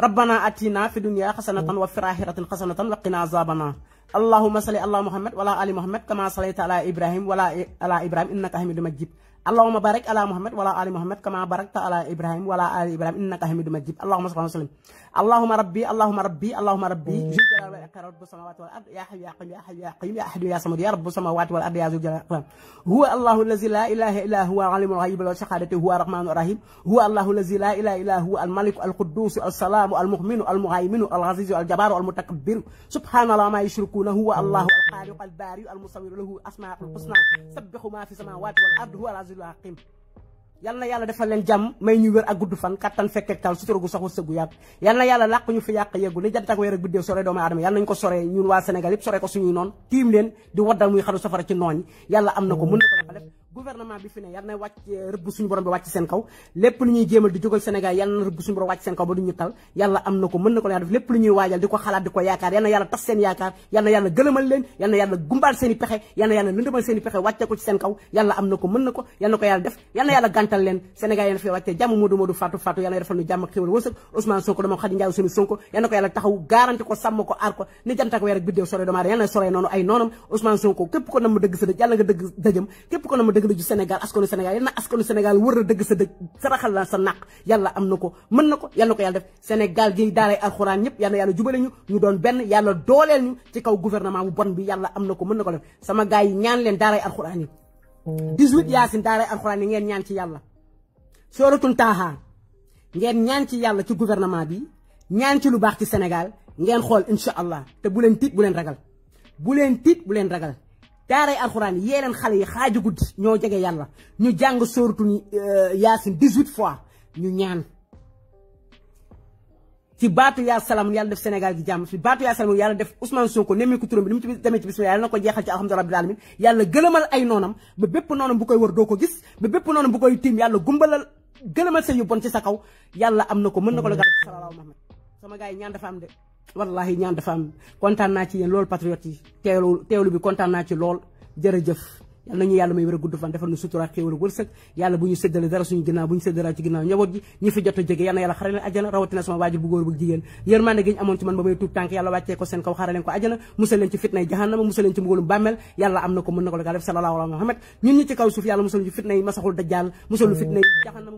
rabbana atina fi dunya hasanatan wa fil khasanatan hasanatan wa qina azabana allahumma salli ala muhammad wa ali muhammad kama sallaita taala ibrahim wa ala ibrahim innaka hamidum magib. allahuma barik ala muhammad wala ali muhammad kama barakta ala ibrahim wala ali ibrahim innaka hamidum majid allahuma salli wa sallim اللهم ربي اللهم ربي اللهم ربي ذو الجلال والاكرام رب السماوات والارض يا حي يا قيوم يا حي يا قيوم يا احد يا صمد يا رب السماوات والارض يا ذو الجلال والاكرام هو الله الذي لا اله الا هو العليم الغيب والشهاده هو الرحمن الرحيم هو الله الذي لا اله الا هو الملك القدوس السلام المؤمن المهيمن العزيز الجبار المتكبر سبحان الله ما يشركون هو الله الخالق الباري المصور له اسماء الحسنى سبح ما في السماوات والارض هو العزيز الحكيم yal na yàlla defal leen jàmm may ñu wér ak gudd fan kattan fekk ak tal sutura gu sax wërsëg gu yàgg yal na yàlla làq ñu fi yàq yeggu li jant ak weer ak biddéew sore doomu aadama yal nañ ko sore ñun waa Sénégal yëpp sore ko suñuy noon tiim leen di waddal muy xaru safara ci nooñ yàlla am na ko mën na ko defal gouvernement bi fi ne yal na wàcc rëbb suñu borom bi wàcc seen kaw lépp lu ñuy jéemal di jógal Sénégal yal na rëbb suñu borom wàcc seen kaw ba duñu tal yàlla na ko mën na ko seen yaakaar yal na yàlla gëlëmal yal na yàlla gumbaal seen i seen kaw yàlla am ñu jàmm yal na ko noonu ay noonam Ousmane Sonko képp ko nam dëgg sa yàlla nga dëgg dajëm képp ko nam dëgg dëgg la ju Sénégal askanu Sénégal yal na askanu Sénégal wër na dëgg sa dëgg saraxal la sa naq yàlla am na ko mën na ko yal na ko yàlla def Sénégal gi daaray alxuraan ñëpp yal na yàlla jubale ñu ñu doon benn yàlla dooleel ñu ci kaw gouvernement bu bon bi yàlla am na ko mën na ko def sama gars yi ñaan leen daaray alxuraan yi 18 yaasin daaray alxuraan yi ngeen ñaan ci yàlla sooratun taaha ngeen ñaan ci yàlla ci gouvernement bi ñaan ci lu baax ci Sénégal ngeen xool incha allah te bu leen tiit bu leen ragal bu leen tiit bu leen ragal daaray alxuraan yee leen xale yi xaaju guddi ñoo jege yàlla ñu jàng sóoratu euh, yaasin 18 fois ñu ñaan ci baatu yaa salaam yàlla def Sénégal gi jàmm ci baatu yaa salaam yàlla def Ousmane Sonko nemmee ko turam bi ni mu ci demee ci bismillah yàlla na ko jeexal ci alhamdulilah rabbil alamin yàlla gëlëmal ay noonam ba bépp noonam bu koy wër doo ko gis ba bépp noonam bu koy tiim yàlla gumbalal gëlëmal sa yu bon ci sa kaw yàlla am na ko mën na ko la ga sama gars yi ñaan dafa am de wallahi ñaan dafa am kontaan ci yéen loolu patriote yi teewlu teewlu bi kontaan ci lool jërëjëf yal nañu yàlla may wér a gudd fan defal nu sutura xéewal ak wërsëg yàlla bu ñu séddale dara suñu ginnaaw bu ñu séddale ci ginnaaw njaboot gi ñi fi jot a jóge yal na yàlla xare leen ajjana rawatina sama waajur bu góor jigéen yërmande gi ñu amoon ci man ba may tuut tànk yàlla wàccee ko seen kaw xare leen ko ajjana musal leen ci fitnay jahannama musal na ko mën na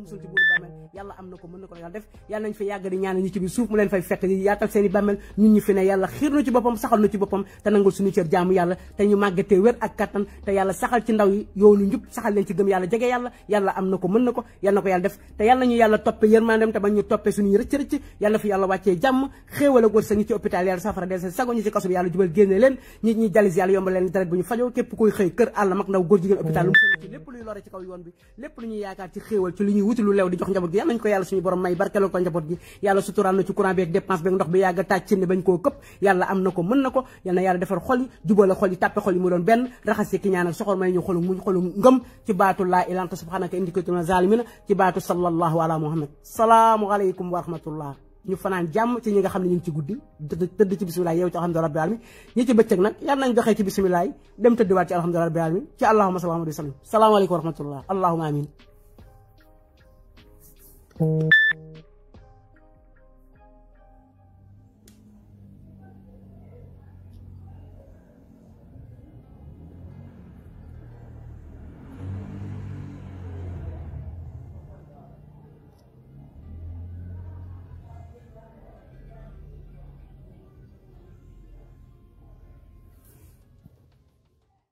ko yàlla am na ko mën na ko yàlla def yàlla nañ fa yàgg di ñaan ñu ci biir suuf mu leen fay fekk yaatal seen bàmmeel ñun ñu fi ne yàlla xiir nu ci boppam saxal nu ci boppam te nangul suñu cër jaamu yàlla te ñu màggatee wér ak kattan te yàlla saxal ci ndaw yoonu njub saxal leen ci gëm yàlla jege yàlla yàlla fi yàlla wàccee jàmm xéewal ak wërsëg ñi ci hôpital yàlla safara del seen sago ci kaso bi yàlla jubal génne leen ñi ñi jalis yàlla yombal nañ ko yalla suñu borom may barkel ko njabot gi yalla sutural na ci courant bi ak dépense bi ak ndox bi yaga bañ ko kep yalla am na ko mën nako yalla yalla na xol yi djubala xol yi tapé xol yi mu doon ben raxasi ki ñaanal soxor may ñu xol mu xol ngam ci baatu laa subhanaka indikatuna zalimin ci batu sallallahu ala muhammad salamu alaykum wa rahmatullah ñu fanaan jamm ci ñi nga xamni ñu ci guddi teud ci bismillah yow ci alhamdulillah rabbil alamin ñi ci becc nak yalla nañ joxe ci bismillah dem ci rabbil alamin ci allahumma sallallahu salamu alaykum wa rahmatullah allahumma amin Thank you.